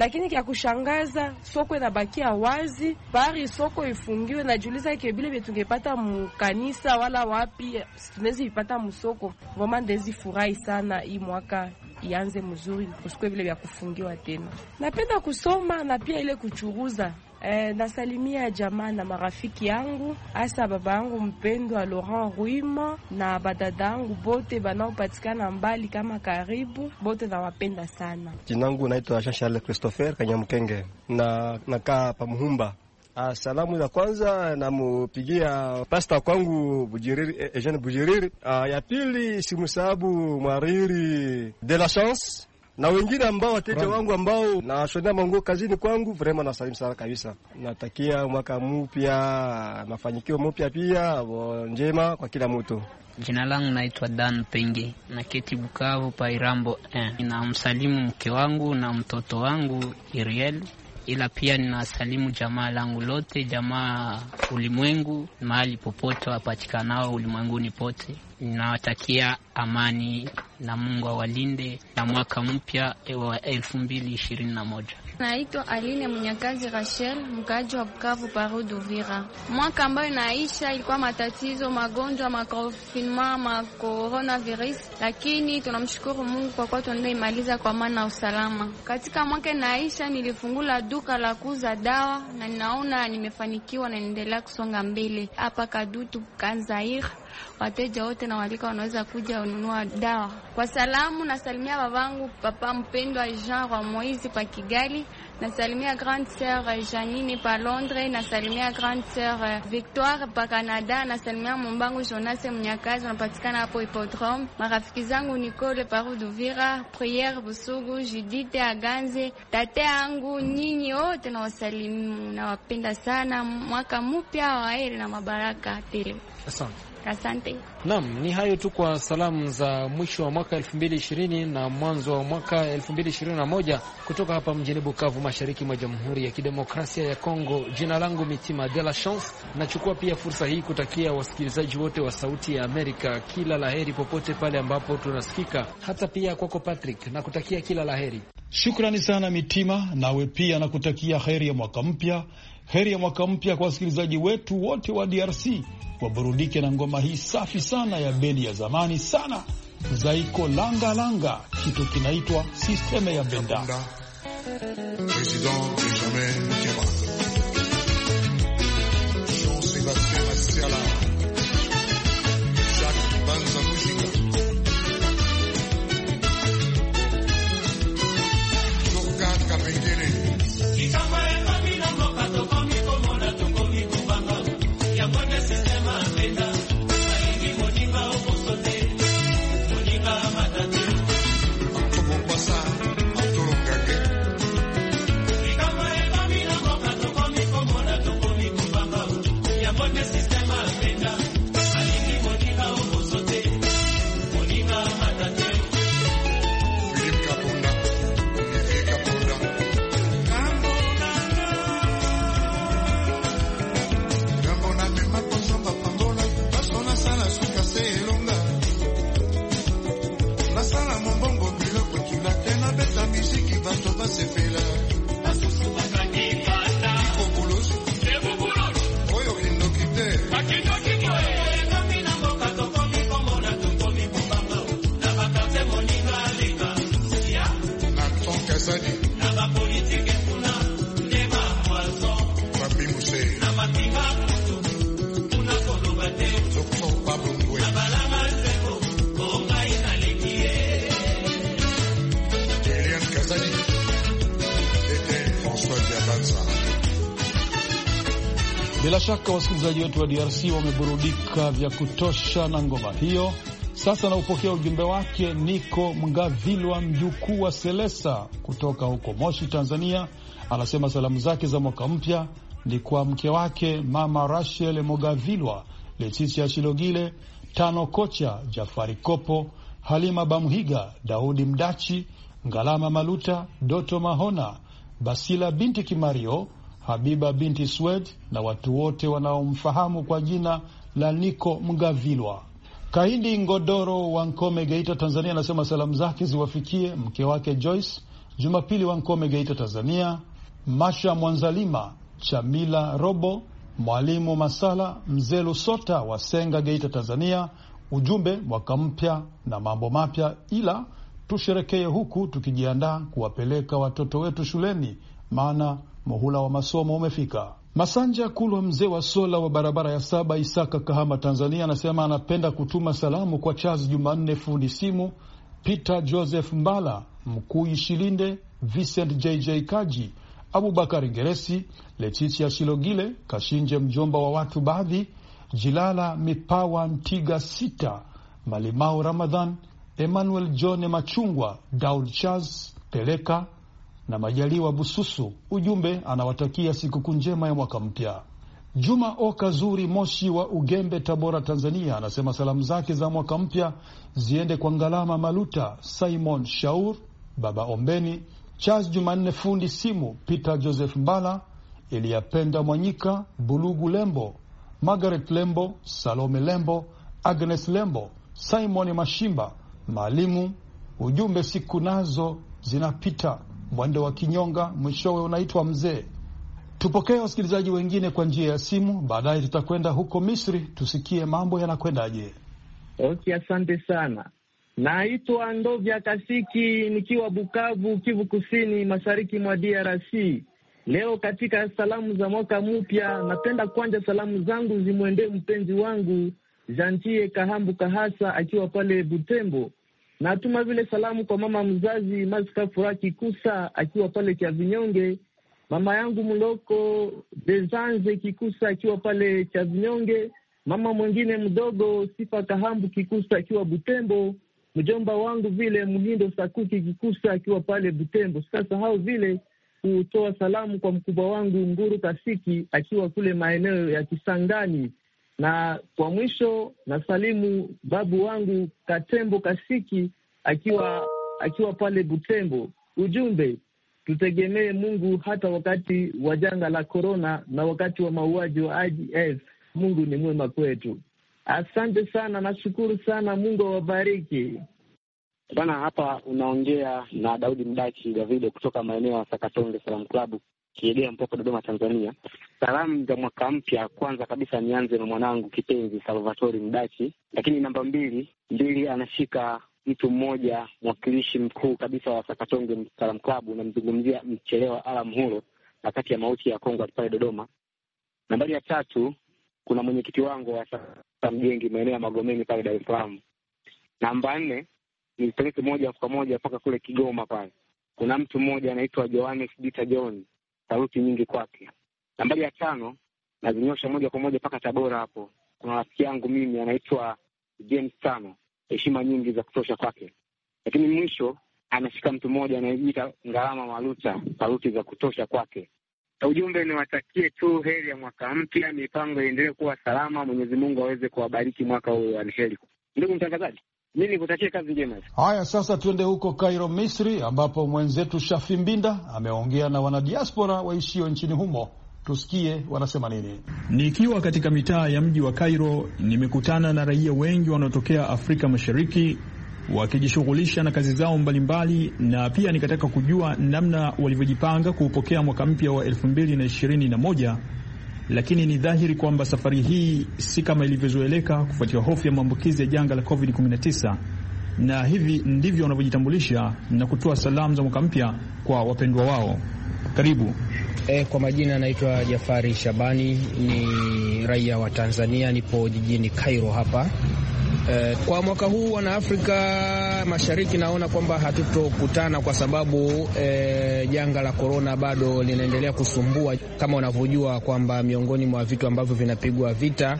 Speaker 11: lakini kya kushangaza soko inabakia wazi, pari soko ifungiwe. Najiuliza ke bile betungepata mukanisa wala wapi situnezi vipata musoko. Voma ndezi furahi sana hii mwaka ianze mzuri, kusikwe vile vya kufungiwa tena. Napenda kusoma na pia ile kuchuruza E, nasalimia jamaa na marafiki yangu hasa baba yangu mpendwa Laurent Rwima na badada yangu bote banaopatikana mbali kama karibu, bote nawapenda sana.
Speaker 10: Jina naitwa Jean Charles Christopher Kanyamkenge na nakaa pa Muhumba. Ah, salamu ya kwanza namupigia pasta kwangu Bujeriri, eh, Jean Bujeriri. Ah, ya pili simusabu mwariri de la chance na wengine ambao wateja wangu ambao nawashonea manguo kazini kwangu, vrema nasalimu sana kabisa. Natakia mwaka mupya mafanikio mupya pia njema kwa kila mtu.
Speaker 12: Jina langu naitwa Dan Penge na keti Bukavu pairambo eh. Namsalimu mke wangu na mtoto wangu Iriel ila pia ninasalimu jamaa langu lote, jamaa ulimwengu, mahali popote wapatikanao ulimwenguni pote. Ninawatakia amani na Mungu awalinde na mwaka mpya wa elfu mbili ishirini na moja.
Speaker 5: Naitwa Aline Munyakazi Rachel, mkaaji wa Bukavu paro Duvira. Mwaka ambayo inaisha ilikuwa matatizo, magonjwa, makonfinma, makoronavirus, lakini tunamshukuru Mungu kwa kuwa tunaenda imaliza kwa amani na usalama. Katika mwaka inaisha nilifungula duka la kuuza dawa na ninaona nimefanikiwa na niendelea kusonga mbele hapa Kadutu Kanzair wateja wote na walika wanaweza kuja ununua dawa. Kwa salamu, nasalimia babangu papa mpendwa Jean wa Moizi pa Kigali, nasalimia grande sœur Janine pa Londres, nasalimia grande sœur Victoire pa Canada, nasalimia mombangu Jonas Mnyakazi unapatikana hapo Hippodrome, marafiki zangu Nicole Paruduvira, Priere Busugu, Judith Aganze, tate yangu, nyinyi wote nawasalimu, nawapenda sana. Mwaka mpya wa heri na mabaraka tele. Asante. Asante.
Speaker 9: Naam, ni hayo tu kwa salamu za mwisho wa mwaka 2020 na mwanzo wa mwaka 2021 kutoka hapa mjini Bukavu, mashariki mwa Jamhuri ya Kidemokrasia ya Kongo. Jina langu Mitima De La Chance. Nachukua pia fursa hii kutakia wasikilizaji wote wa Sauti ya Amerika kila laheri popote pale ambapo tunasikika, hata pia kwako Patrick, nakutakia kila laheri.
Speaker 2: Shukrani sana Mitima, nawe pia nakutakia heri ya mwaka mpya Heri ya mwaka mpya kwa wasikilizaji wetu wote wa DRC, waburudike na ngoma hii safi sana ya bendi ya zamani sana Zaiko Langa Langa, kitu kinaitwa sisteme ya benda wasikilizaji wetu wa DRC wameburudika vya kutosha na ngoma hiyo. Sasa naupokea ujumbe wake Niko Mgavilwa, mjukuu wa Selesa kutoka huko Moshi, Tanzania. Anasema salamu zake za mwaka mpya ni kwa mke wake Mama Rachel Mogavilwa, Leticia Shilogile, Tano Kocha, Jafari Kopo, Halima bamhiga Daudi Mdachi, Ngalama Maluta, Doto Mahona, Basila binti Kimario Habiba binti Swed na watu wote wanaomfahamu kwa jina la Niko Mgavilwa. kaindi Ngodoro wa Nkome, Geita, Tanzania, anasema salamu zake ziwafikie mke wake Joyce Jumapili wa Nkome, Geita, Tanzania, Masha Mwanzalima, Chamila Robo, Mwalimu Masala, Mzee Lusota wa Senga, Geita, Tanzania. Ujumbe, mwaka mpya na mambo mapya, ila tusherekee huku tukijiandaa kuwapeleka watoto wetu shuleni, maana muhula wa masomo umefika. Masanja Kulwa, mzee wa sola wa barabara ya saba, Isaka, Kahama, Tanzania, anasema anapenda kutuma salamu kwa Charles Jumanne fundi simu, Peter Joseph Mbala, mkuu Ishilinde, Vincent JJ Kaji, Abubakar Ngeresi, Leticia Shilogile, Kashinje mjomba wa watu baadhi, Jilala Mipawa, Ntiga Sita, Malimao Ramadhan, Emmanuel John Machungwa, Daud Charles Peleka na Majaliwa Bususu. Ujumbe anawatakia sikukuu njema ya mwaka mpya. Juma O Kazuri Moshi wa Ugembe, Tabora, Tanzania, anasema salamu zake za mwaka mpya ziende kwa Ngalama Maluta, Simon Shaur, Baba Ombeni, Charles Jumanne fundi simu, Peter Joseph Mbala, iliyapenda Mwanyika, Bulugu Lembo, Margaret Lembo, Salome Lembo, Agnes Lembo, Simon Mashimba, Maalimu. Ujumbe, siku nazo zinapita mwende wa kinyonga, mwishowe unaitwa mzee. Tupokee wasikilizaji wengine kwa njia ya simu, baadaye tutakwenda huko Misri tusikie mambo yanakwendaje. Okay, asante sana.
Speaker 13: Naitwa Ndovya Kasiki nikiwa Bukavu, Kivu Kusini, mashariki mwa DRC. Leo katika salamu za mwaka mpya, napenda kwanja salamu zangu zimwendee mpenzi wangu Jantie Kahambu Kahasa akiwa pale Butembo. Natuma vile salamu kwa mama mzazi maska Furaha Kikusa akiwa pale Chavinyonge, mama yangu Mloko Bezanze Kikusa akiwa pale Chavinyonge, mama mwingine mdogo Sifa Kahambu Kikusa akiwa Butembo, mjomba wangu vile Mhindo Sakuki Kikusa akiwa pale Butembo. Sasa hao vile kutoa salamu kwa mkubwa wangu Nguru Kasiki akiwa kule maeneo ya Kisangani. Na kwa mwisho nasalimu babu wangu Katembo Kasiki akiwa akiwa pale Butembo. Ujumbe, tutegemee Mungu hata wakati wa janga la korona na wakati wa mauaji wa IDF. Mungu ni mwema kwetu. Asante sana, nashukuru sana. Mungu awabariki bana. Hapa
Speaker 14: unaongea na Daudi Mdachi Davide kutoka maeneo ya Sakatonge Salamu Klabu Kiegea mpaka Dodoma, Tanzania. Salamu za mwaka mpya, kwanza kabisa nianze na mwanangu kipenzi Salvatori Mdachi, lakini namba mbili mbili anashika mtu mmoja mwakilishi mkuu kabisa wa Sakatonge Salam Klabu, namzungumzia Mchelewa Alam Hulo kati ya mauti ya Kongo pale Dodoma. Nambari ya tatu kuna mwenyekiti wangu wa Mjengi maeneo ya Magomeni pale Dar es Salaam. Namba nne nipeleke moja kwa moja mpaka kule Kigoma pale, kuna mtu mmoja anaitwa Johannes Dita John sauti nyingi kwake. Nambari ya tano nazinyosha moja kwa moja mpaka Tabora. Hapo kuna rafiki yangu mimi anaitwa James Tano, heshima nyingi za kutosha kwake. Lakini mwisho anashika mtu mmoja anayejiita Ngalama Maluta, sauti za kutosha kwake. Ujumbe niwatakie tu heri ya mwaka mpya, mipango iendelee kuwa salama, Mwenyezi Mungu aweze kuwabariki mwaka huu wa heri. Ndugu mtangazaji, mi nikutakie kazi njema.
Speaker 2: Haya, sasa tuende huko Kairo, Misri, ambapo mwenzetu Shafi Mbinda ameongea na wanadiaspora waishio nchini humo. Tusikie wanasema nini. Nikiwa katika mitaa ya mji wa Kairo, nimekutana na raia wengi wanaotokea Afrika Mashariki wakijishughulisha na kazi zao mbalimbali mbali, na pia nikataka kujua namna walivyojipanga kuupokea mwaka mpya wa elfu mbili na ishirini na moja lakini ni dhahiri kwamba safari hii si kama ilivyozoeleka kufuatia hofu ya maambukizi ya janga la COVID-19 na hivi ndivyo wanavyojitambulisha na kutoa salamu za mwaka mpya kwa wapendwa wao. Karibu.
Speaker 12: E, kwa majina anaitwa Jafari Shabani, ni raia wa Tanzania, nipo jijini Cairo hapa Eh, kwa mwaka huu wanaafrika mashariki naona kwamba hatutokutana kwa sababu eh, janga la korona bado linaendelea kusumbua kama unavyojua kwamba miongoni mwa vitu ambavyo vinapigwa vita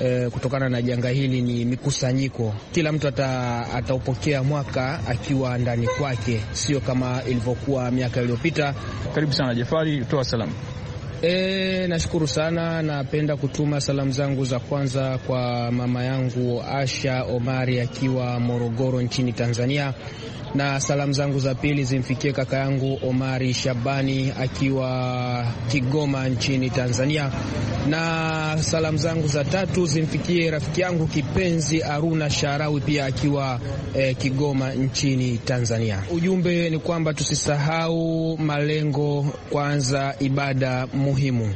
Speaker 12: eh, kutokana na janga hili ni mikusanyiko. Kila mtu ata, ataupokea mwaka akiwa ndani kwake, sio kama ilivyokuwa miaka iliyopita. Karibu sana Jafari, toa salamu. E, nashukuru sana. Napenda kutuma salamu zangu za kwanza kwa mama yangu Asha Omari akiwa Morogoro nchini Tanzania, na salamu zangu za pili zimfikie kaka yangu Omari Shabani akiwa Kigoma nchini Tanzania, na salamu zangu za tatu zimfikie rafiki yangu kipenzi Aruna Sharawi pia akiwa eh, Kigoma nchini Tanzania. Ujumbe ni kwamba tusisahau malengo, kwanza ibada mu muhimu.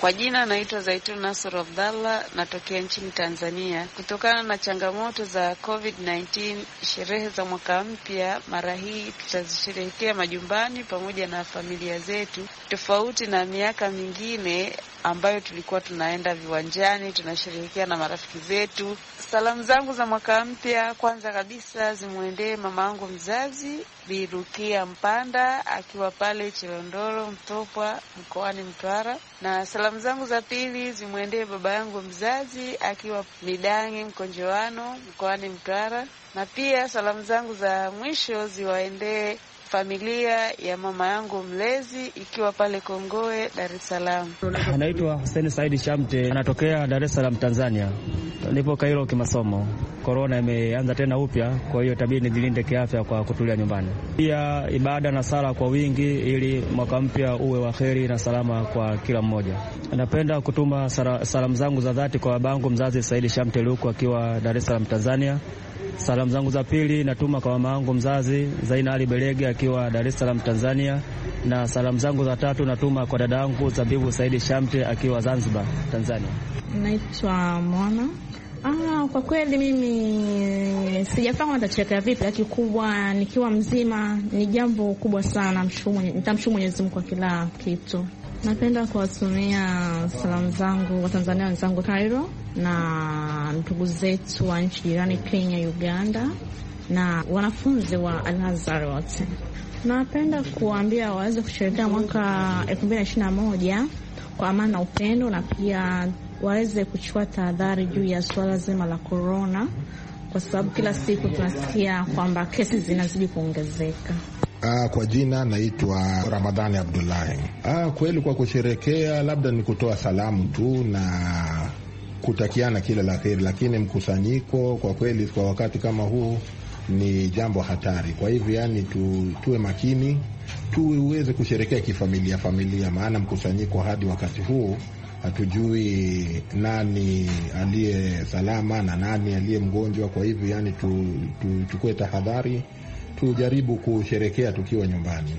Speaker 5: Kwa jina naitwa Zaitun Nasr Abdallah, natokea nchini Tanzania. Kutokana na changamoto za COVID-19, sherehe za mwaka mpya mara hii tutazisherehekea majumbani pamoja na familia zetu, tofauti na miaka mingine ambayo tulikuwa tunaenda viwanjani tunasherehekea na marafiki zetu. Salamu zangu za mwaka mpya, kwanza kabisa zimwendee mama yangu mzazi birukia Mpanda akiwa pale Chilondolo Mtopwa mkoani Mtwara, na salamu zangu za pili zimwendee baba yangu mzazi akiwa Midangi Mkonjoano mkoani Mtwara, na pia salamu zangu za mwisho ziwaendee familia ya mama yangu mlezi
Speaker 11: ikiwa pale Kongoe, Dar es Salaam.
Speaker 12: Anaitwa Hussein Saidi Shamte, anatokea Dar es Salaam, Tanzania. Nipo Kairo kimasomo. Korona imeanza tena upya, kwa hiyo tabii nijilinde kiafya kwa kutulia nyumbani, pia ibada na sala kwa wingi, ili mwaka mpya uwe wa heri na salama kwa kila mmoja. Napenda kutuma salamu zangu za dhati kwa babangu mzazi Saidi Shamte Luku akiwa Dar es Salaam, Tanzania Salamu zangu za pili natuma kwa mama yangu mzazi Zaina Ali Belege akiwa Dar es Salaam, Tanzania, na salamu zangu za tatu natuma kwa dada yangu Zabibu Saidi Shamte akiwa Zanzibar, Tanzania.
Speaker 11: Naitwa Mwana. Ah, kwa kweli mimi eh, sijafahamu nitacheka vipi, lakini kubwa nikiwa mzima ni jambo kubwa sana, nitamshukuru Mwenyezi Mungu kwa kila kitu. Napenda kuwatumia salamu zangu Watanzania wenzangu Cairo na ndugu zetu wa nchi jirani Kenya, Uganda na wanafunzi wa Al-Azhar wote. Napenda kuwaambia waweze kusherehekea mwaka 2021 kwa amani na upendo, na pia waweze kuchukua tahadhari juu ya suala zima la korona, kwa sababu kila siku tunasikia kwamba kesi zinazidi kuongezeka.
Speaker 15: Aa, ah, kwa jina naitwa Ramadhani Abdullahi. Aa, ah, kweli kwa kusherekea labda ni kutoa salamu tu na kutakiana kila la heri, lakini mkusanyiko kwa kweli kwa wakati kama huu ni jambo hatari. Kwa hivyo yani tu, tuwe makini tuweze kusherekea kifamilia familia, maana mkusanyiko hadi wakati huu hatujui nani aliye salama na nani aliye mgonjwa. Kwa hivyo yani tuchukue tu, tahadhari tujaribu kusherekea tukiwa nyumbani.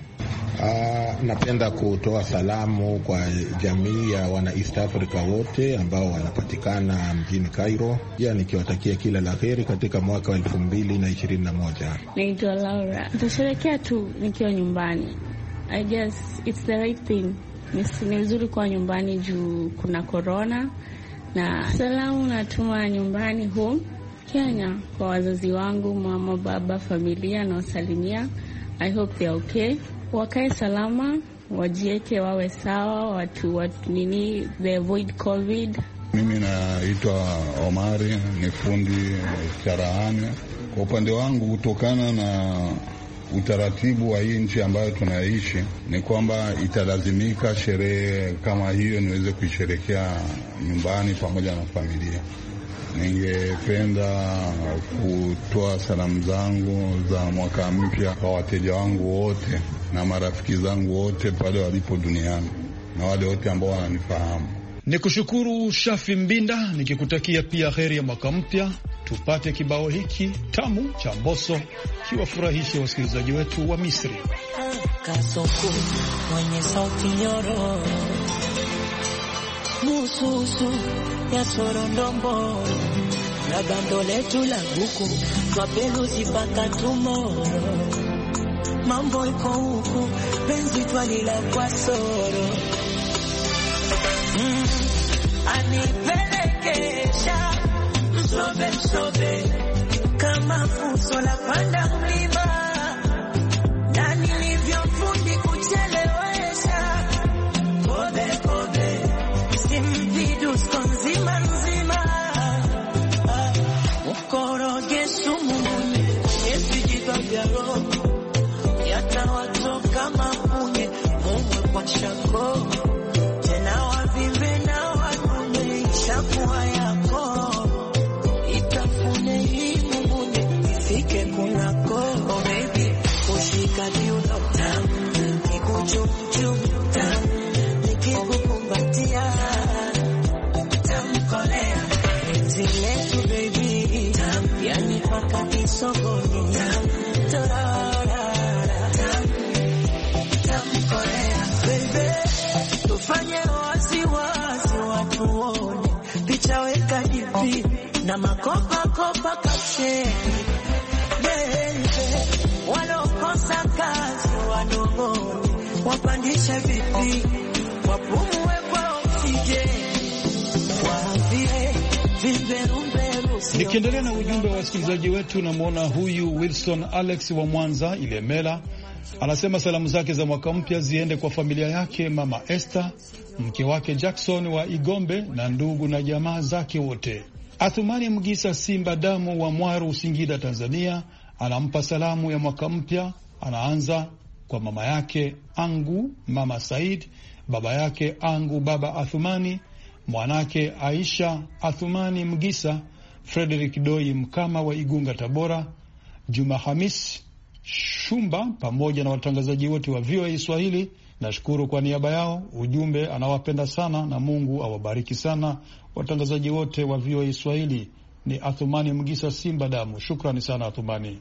Speaker 15: Aa, ah, napenda kutoa salamu kwa jamii ya wana East Africa wote ambao wanapatikana mjini Cairo, pia nikiwatakia kila la heri katika mwaka wa elfu mbili na ishirini na moja.
Speaker 5: Naitwa Laura. Nitasherekea tu nikiwa nyumbani. I guess it's the right thing. Ni vizuri kuwa nyumbani juu kuna korona, na salamu natuma nyumbani home Kenya, kwa wazazi wangu, mama, baba, familia nawasalimia. I hope they are okay, wakae salama, wajieke wawe sawa, watu, watu nini, they avoid covid.
Speaker 11: Mimi
Speaker 15: naitwa Omari, ni fundi cherehani. Kwa upande wangu, kutokana na utaratibu wa hii nchi ambayo tunaishi ni kwamba italazimika sherehe kama hiyo niweze kuisherekea nyumbani pamoja na familia ningependa kutoa salamu zangu za mwaka mpya kwa wateja wangu wote na marafiki zangu wote pale walipo duniani na wale wote ambao wananifahamu. Ni kushukuru Shafi Mbinda,
Speaker 2: nikikutakia pia heri ya mwaka mpya. Tupate kibao hiki tamu cha mboso kiwafurahishe wasikilizaji wetu wa Misri.
Speaker 3: mwenye sauti nyororo mususu ya sorondombo na bando letu la buku twapeluzi paka tumo mambo iko huku penzi twalila kwa soro mm. Anipelekesha msobe msobe kama fuso la panda mlima Oh. vipi, wapumue kwa
Speaker 2: Nikiendelea na ujumbe wa wasikilizaji wetu, namwona huyu Wilson Alex wa Mwanza Ilemela, anasema salamu zake za mwaka mpya ziende kwa familia yake, mama Esther, mke wake Jackson wa Igombe na ndugu na jamaa zake wote. Athumani Mgisa Simba Damu wa Mwaru, Singida, Tanzania, anampa salamu ya mwaka mpya, anaanza kwa mama yake Angu Mama Said, baba yake Angu Baba Athumani, mwanake Aisha Athumani Mgisa, Frederik Doi Mkama wa Igunga, Tabora, Juma Hamis Shumba pamoja na watangazaji wote wa VOA Swahili. Nashukuru kwa niaba yao. Ujumbe anawapenda sana na Mungu awabariki sana watangazaji wote wa VOA Swahili. Ni Athumani Mgisa Simba Damu. Shukrani sana Athumani.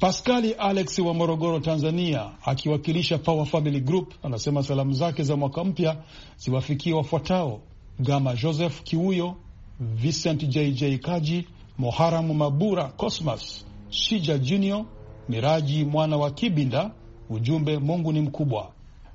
Speaker 2: Paskali Alex wa Morogoro, Tanzania, akiwakilisha Power Family Group, anasema salamu zake za mwaka mpya ziwafikie wafuatao: Gama Joseph Kiuyo, Vincent JJ Kaji, Moharamu Mabura, Cosmas Shija Junior, Miraji mwana wa Kibinda. Ujumbe, Mungu ni mkubwa.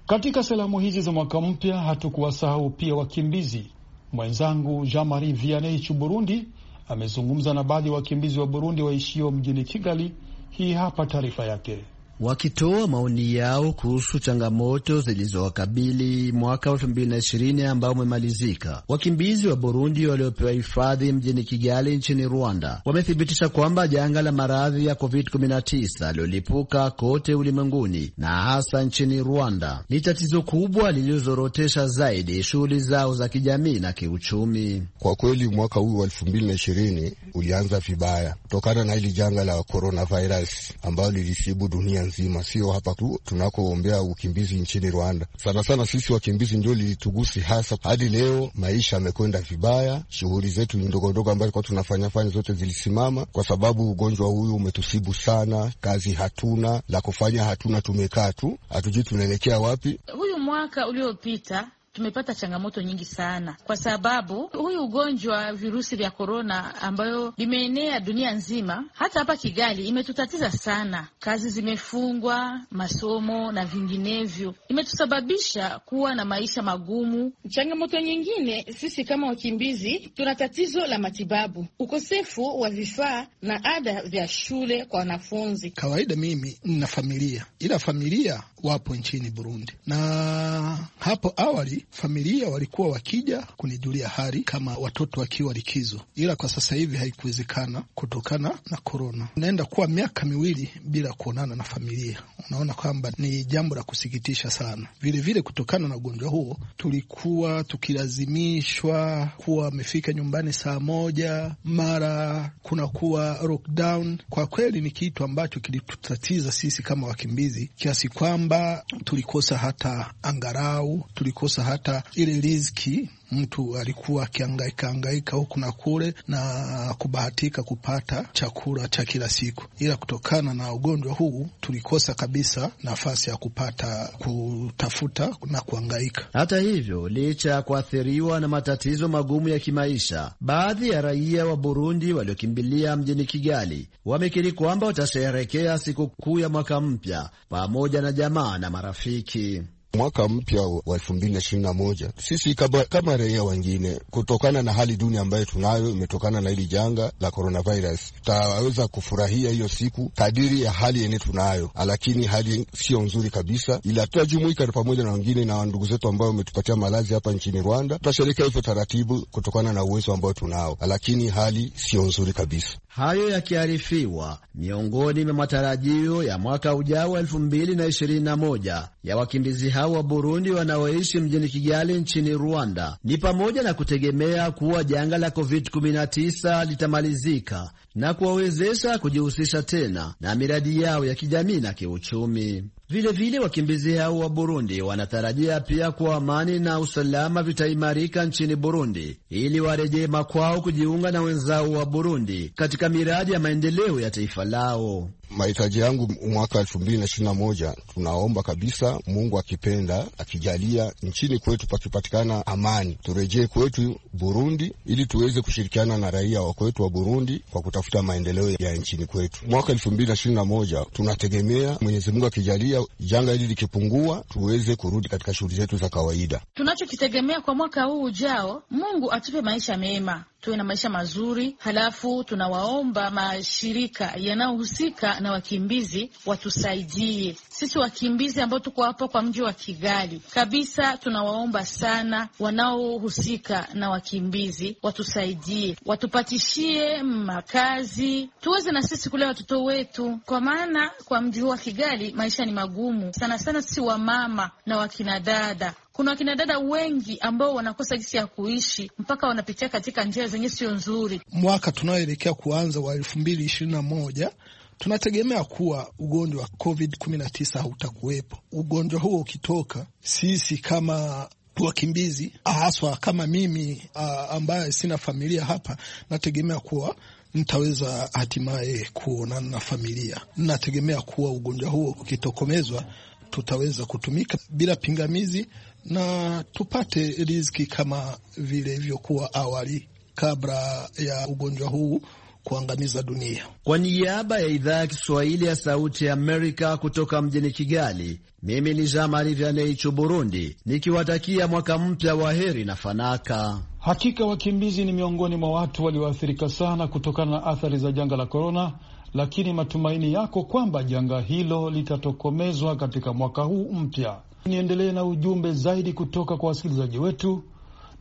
Speaker 2: Katika salamu hizi za mwaka mpya hatukuwasahau pia wakimbizi. Mwenzangu Jean Marie Vianney Burundi amezungumza na baadhi ya wakimbizi wa Burundi waishio mjini Kigali Hii hapa taarifa yake.
Speaker 16: wakitoa maoni yao kuhusu changamoto zilizowakabili mwaka wa elfu mbili na ishirini ambao umemalizika. Wakimbizi wa Burundi waliopewa hifadhi mjini Kigali nchini Rwanda wamethibitisha kwamba janga la maradhi ya COVID-19 lilolipuka kote ulimwenguni na hasa nchini Rwanda ni tatizo kubwa
Speaker 15: lililozorotesha zaidi shughuli zao za kijamii na kiuchumi. Kwa kweli mwaka huu wa elfu mbili na ishirini ulianza vibaya kutokana na hili janga la coronavirus ambalo lilisibu dunia nzima, sio hapa tu tunakoombea ukimbizi nchini Rwanda. Sana sana sisi wakimbizi ndio lilitugusi hasa. Hadi leo maisha yamekwenda vibaya, shughuli zetu ndogondogo ambazo tunafanya fanya zote zilisimama kwa sababu ugonjwa huyu umetusibu sana. Kazi hatuna, la kufanya hatuna, tumekaa tu, hatujui tunaelekea wapi.
Speaker 11: Huyu mwaka uliopita tumepata changamoto nyingi sana, kwa sababu huyu ugonjwa virusi vya korona ambayo limeenea dunia nzima, hata hapa Kigali imetutatiza sana. Kazi zimefungwa, masomo na vinginevyo, imetusababisha kuwa na maisha magumu. Changamoto nyingine, sisi kama wakimbizi tuna tatizo la matibabu, ukosefu wa vifaa na ada vya shule kwa wanafunzi.
Speaker 17: Kawaida mimi nina familia, ila familia wapo nchini Burundi, na hapo awali familia walikuwa wakija kunijulia hali kama watoto wakiwa likizo, ila kwa sasa hivi haikuwezekana kutokana na korona. Naenda kuwa miaka miwili bila kuonana na familia. Unaona kwamba ni jambo la kusikitisha sana. Vilevile vile kutokana na ugonjwa huo tulikuwa tukilazimishwa kuwa wamefika nyumbani saa moja, mara kunakuwa lockdown. Kwa kweli ni kitu ambacho kilitutatiza sisi kama wakimbizi kiasi kwamba tulikosa hata angarau, tulikosa hata ile riziki mtu alikuwa akiangaika angaika huku na kule na kubahatika kupata chakula cha kila siku, ila kutokana na ugonjwa huu tulikosa kabisa nafasi ya kupata kutafuta na
Speaker 16: kuangaika. Hata hivyo, licha ya kuathiriwa na matatizo magumu ya kimaisha, baadhi ya raia wa Burundi waliokimbilia mjini Kigali wamekiri kwamba watasherehekea
Speaker 15: sikukuu ya mwaka mpya pamoja na jamaa na marafiki mwaka mpya wa elfu mbili na ishirini na moja sisi kama, kama raia wengine, kutokana na hali duni ambayo tunayo imetokana na hili janga la coronavirus, tutaweza kufurahia hiyo siku kadiri ya hali yenye tunayo, lakini hali sio nzuri kabisa, ila tutajumuika pamoja na wengine na ndugu zetu ambao wametupatia malazi hapa nchini Rwanda. Tutasherekea hivyo taratibu kutokana na uwezo ambao tunao, lakini hali sio nzuri kabisa.
Speaker 16: Hayo yakiarifiwa, miongoni mwa matarajio ya mwaka ujao elfu mbili na ishirini na moja ya wakimbizi raia wa Burundi wanaoishi mjini Kigali nchini Rwanda ni pamoja na kutegemea kuwa janga la COVID-19 litamalizika na kuwawezesha kujihusisha tena na miradi yao ya kijamii na kiuchumi. Vilevile, wakimbizi hao wa Burundi wanatarajia pia kuwa amani na usalama vitaimarika nchini Burundi ili warejee makwao kujiunga
Speaker 15: na wenzao wa Burundi katika miradi ya maendeleo ya taifa lao mahitaji yangu mwaka elfu mbili na ishirini na moja, tunaomba kabisa Mungu akipenda akijalia nchini kwetu pakipatikana amani, turejee kwetu Burundi ili tuweze kushirikiana na raia wa kwetu wa Burundi kwa kutafuta maendeleo ya nchini kwetu. Mwaka elfu mbili na ishirini na moja tunategemea Mwenyezi Mungu akijalia, janga hili likipungua, tuweze kurudi katika shughuli zetu za
Speaker 11: kawaida. Tunachokitegemea kwa mwaka huu ujao, Mungu atupe maisha mema tuwe na maisha mazuri. Halafu tunawaomba mashirika yanayohusika na wakimbizi watusaidie sisi wakimbizi ambao tuko hapa kwa mji wa Kigali kabisa. Tunawaomba sana wanaohusika na wakimbizi watusaidie, watupatishie makazi tuweze na sisi kulea watoto wetu, kwa maana kwa mji huu wa Kigali maisha ni magumu sana sana, sisi wamama na wakinadada kuna wakina dada wengi ambao wanakosa jinsi ya kuishi mpaka wanapitia katika njia zenye sio nzuri.
Speaker 17: Mwaka tunaoelekea kuanza wa elfu mbili ishirini na moja tunategemea kuwa ugonjwa wa COVID 19 hautakuwepo. Ugonjwa huo ukitoka, sisi kama wakimbizi haswa kama mimi a, ambaye sina familia hapa, nategemea kuwa nitaweza hatimaye kuonana na familia. Nategemea kuwa ugonjwa huo ukitokomezwa, tutaweza kutumika bila pingamizi na tupate riziki kama vile ilivyokuwa awali kabla ya ugonjwa huu kuangamiza dunia.
Speaker 16: Kwa niaba ya idhaa ya Kiswahili ya Sauti ya Amerika kutoka mjini Kigali, mimi ni Jamari Vaneichu, Burundi, nikiwatakia mwaka mpya wa heri na fanaka.
Speaker 2: Hakika wakimbizi ni miongoni mwa watu walioathirika sana kutokana na athari za janga la korona, lakini matumaini yako kwamba janga hilo litatokomezwa katika mwaka huu mpya. Niendelee na ujumbe zaidi kutoka kwa wasikilizaji wetu.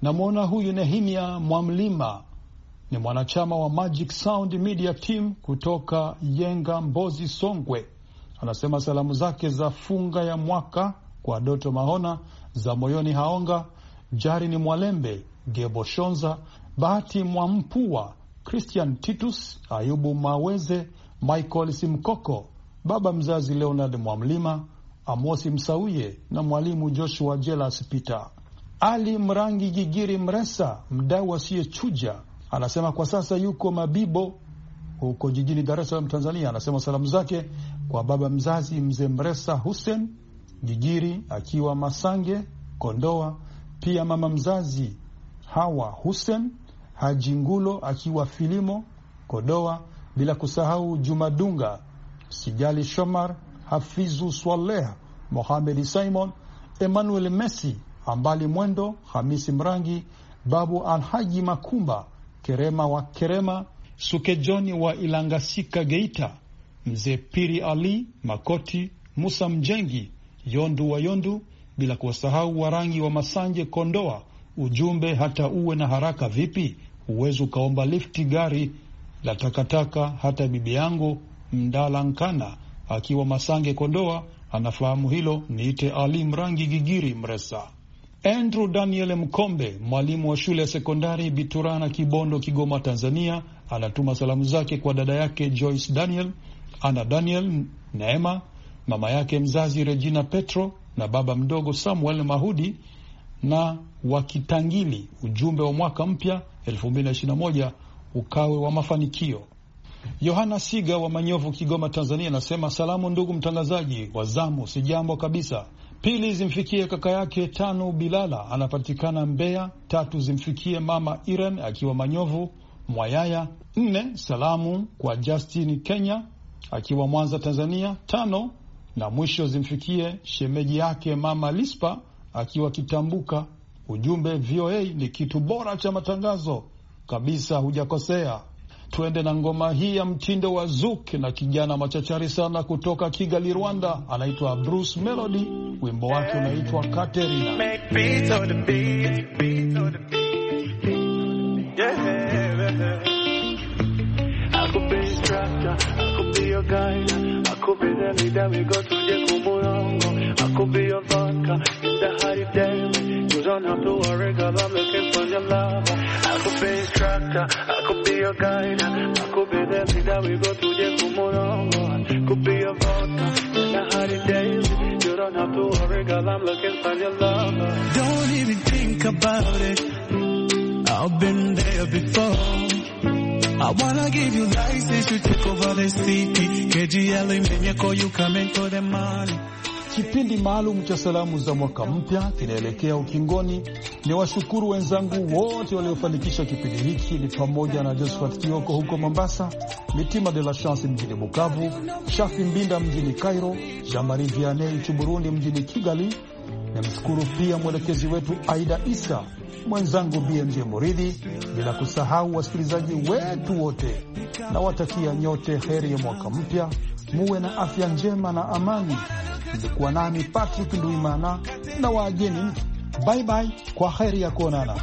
Speaker 2: Namwona huyu Nehemia Mwamlima ni mwanachama wa Magic Sound Media Team kutoka Yenga, Mbozi, Songwe. Anasema salamu zake za funga ya mwaka kwa Doto Mahona, za moyoni Haonga, Jari ni Mwalembe, Gebo Shonza, Bahati Mwampua, Christian Titus, Ayubu Maweze, Michael Simkoko, baba mzazi Leonard Mwamlima Amosi Msauye na mwalimu Joshua Jelas Peter. Ali Mrangi Gigiri Mresa, mdau asiyechuja, anasema kwa sasa yuko Mabibo huko jijini Dar es Salaam, Tanzania. Anasema salamu zake kwa baba mzazi mzee Mresa Hussein Gigiri akiwa Masange, Kondoa, pia mama mzazi Hawa Hussein Haji Ngulo akiwa Filimo, Kondoa, bila kusahau Jumadunga Sijali Shomar Hafizu Swaleh, Mohamed Simon, Emmanuel Messi, Ambali Mwendo, Hamisi Mrangi, Babu Alhaji Makumba, Kerema wa Kerema, Sukejoni wa Ilangasika Geita, Mzee Piri Ali Makoti, Musa Mjengi, Yondu wa Yondu, bila kuwasahau Warangi wa Masanje Kondoa. Ujumbe hata uwe na haraka vipi, huwezi ukaomba lifti gari la takataka. Hata bibi yangu Mdala Nkana akiwa Masange, Kondoa, anafahamu hilo. Niite Ali Mrangi Gigiri Mresa. Andrew Daniel Mkombe, mwalimu wa shule ya sekondari Biturana, Kibondo, Kigoma, Tanzania, anatuma salamu zake kwa dada yake Joyce Daniel, ana Daniel, Neema, mama yake mzazi Regina Petro na baba mdogo Samuel Mahudi na wakitangili ujumbe wa mwaka mpya 2021 ukawe wa mafanikio. Yohana Siga wa Manyovu, Kigoma, Tanzania, anasema salamu, ndugu mtangazaji wa zamu, si jambo kabisa. Pili zimfikie kaka yake Tano Bilala, anapatikana Mbeya. Tatu zimfikie mama Iren akiwa Manyovu Mwayaya. Nne, salamu kwa Justin Kenya akiwa Mwanza, Tanzania. Tano na mwisho zimfikie shemeji yake mama Lispa akiwa Kitambuka. Ujumbe VOA ni kitu bora cha matangazo kabisa, hujakosea. Twende na ngoma hii ya mtindo wa Zouk na kijana machachari sana kutoka Kigali, Rwanda, anaitwa Bruce Melody. Wimbo wake unaitwa Katerina.
Speaker 3: big instructor. I could be your guide. I could be the leader we go through. Yeah, kumurongo. Could be your vodka in the holidays. You don't have to worry, girl. I'm looking for your lover. Don't even think about it. I've been there before. I wanna give you license to take over the city. KGL, Menya, call
Speaker 2: you coming for the money. Kipindi maalum cha salamu za mwaka mpya kinaelekea ukingoni. Ni washukuru wenzangu wote waliofanikisha kipindi hiki, ni pamoja na Josephat Kioko huko Mombasa, Mitima de la Chance mjini Bukavu, Shafi Mbinda mjini Cairo, Jamari Vianei Chuburundi mjini Kigali, Namshukuru pia mwelekezi wetu Aida Isa, mwenzangu BMJ Muridhi, bila kusahau wasikilizaji wetu wote. Nawatakia nyote heri ya mwaka mpya, muwe na afya njema na amani. Ilikuwa nami Patrick Nduimana na waageni, bye bye, kwa heri ya kuonana.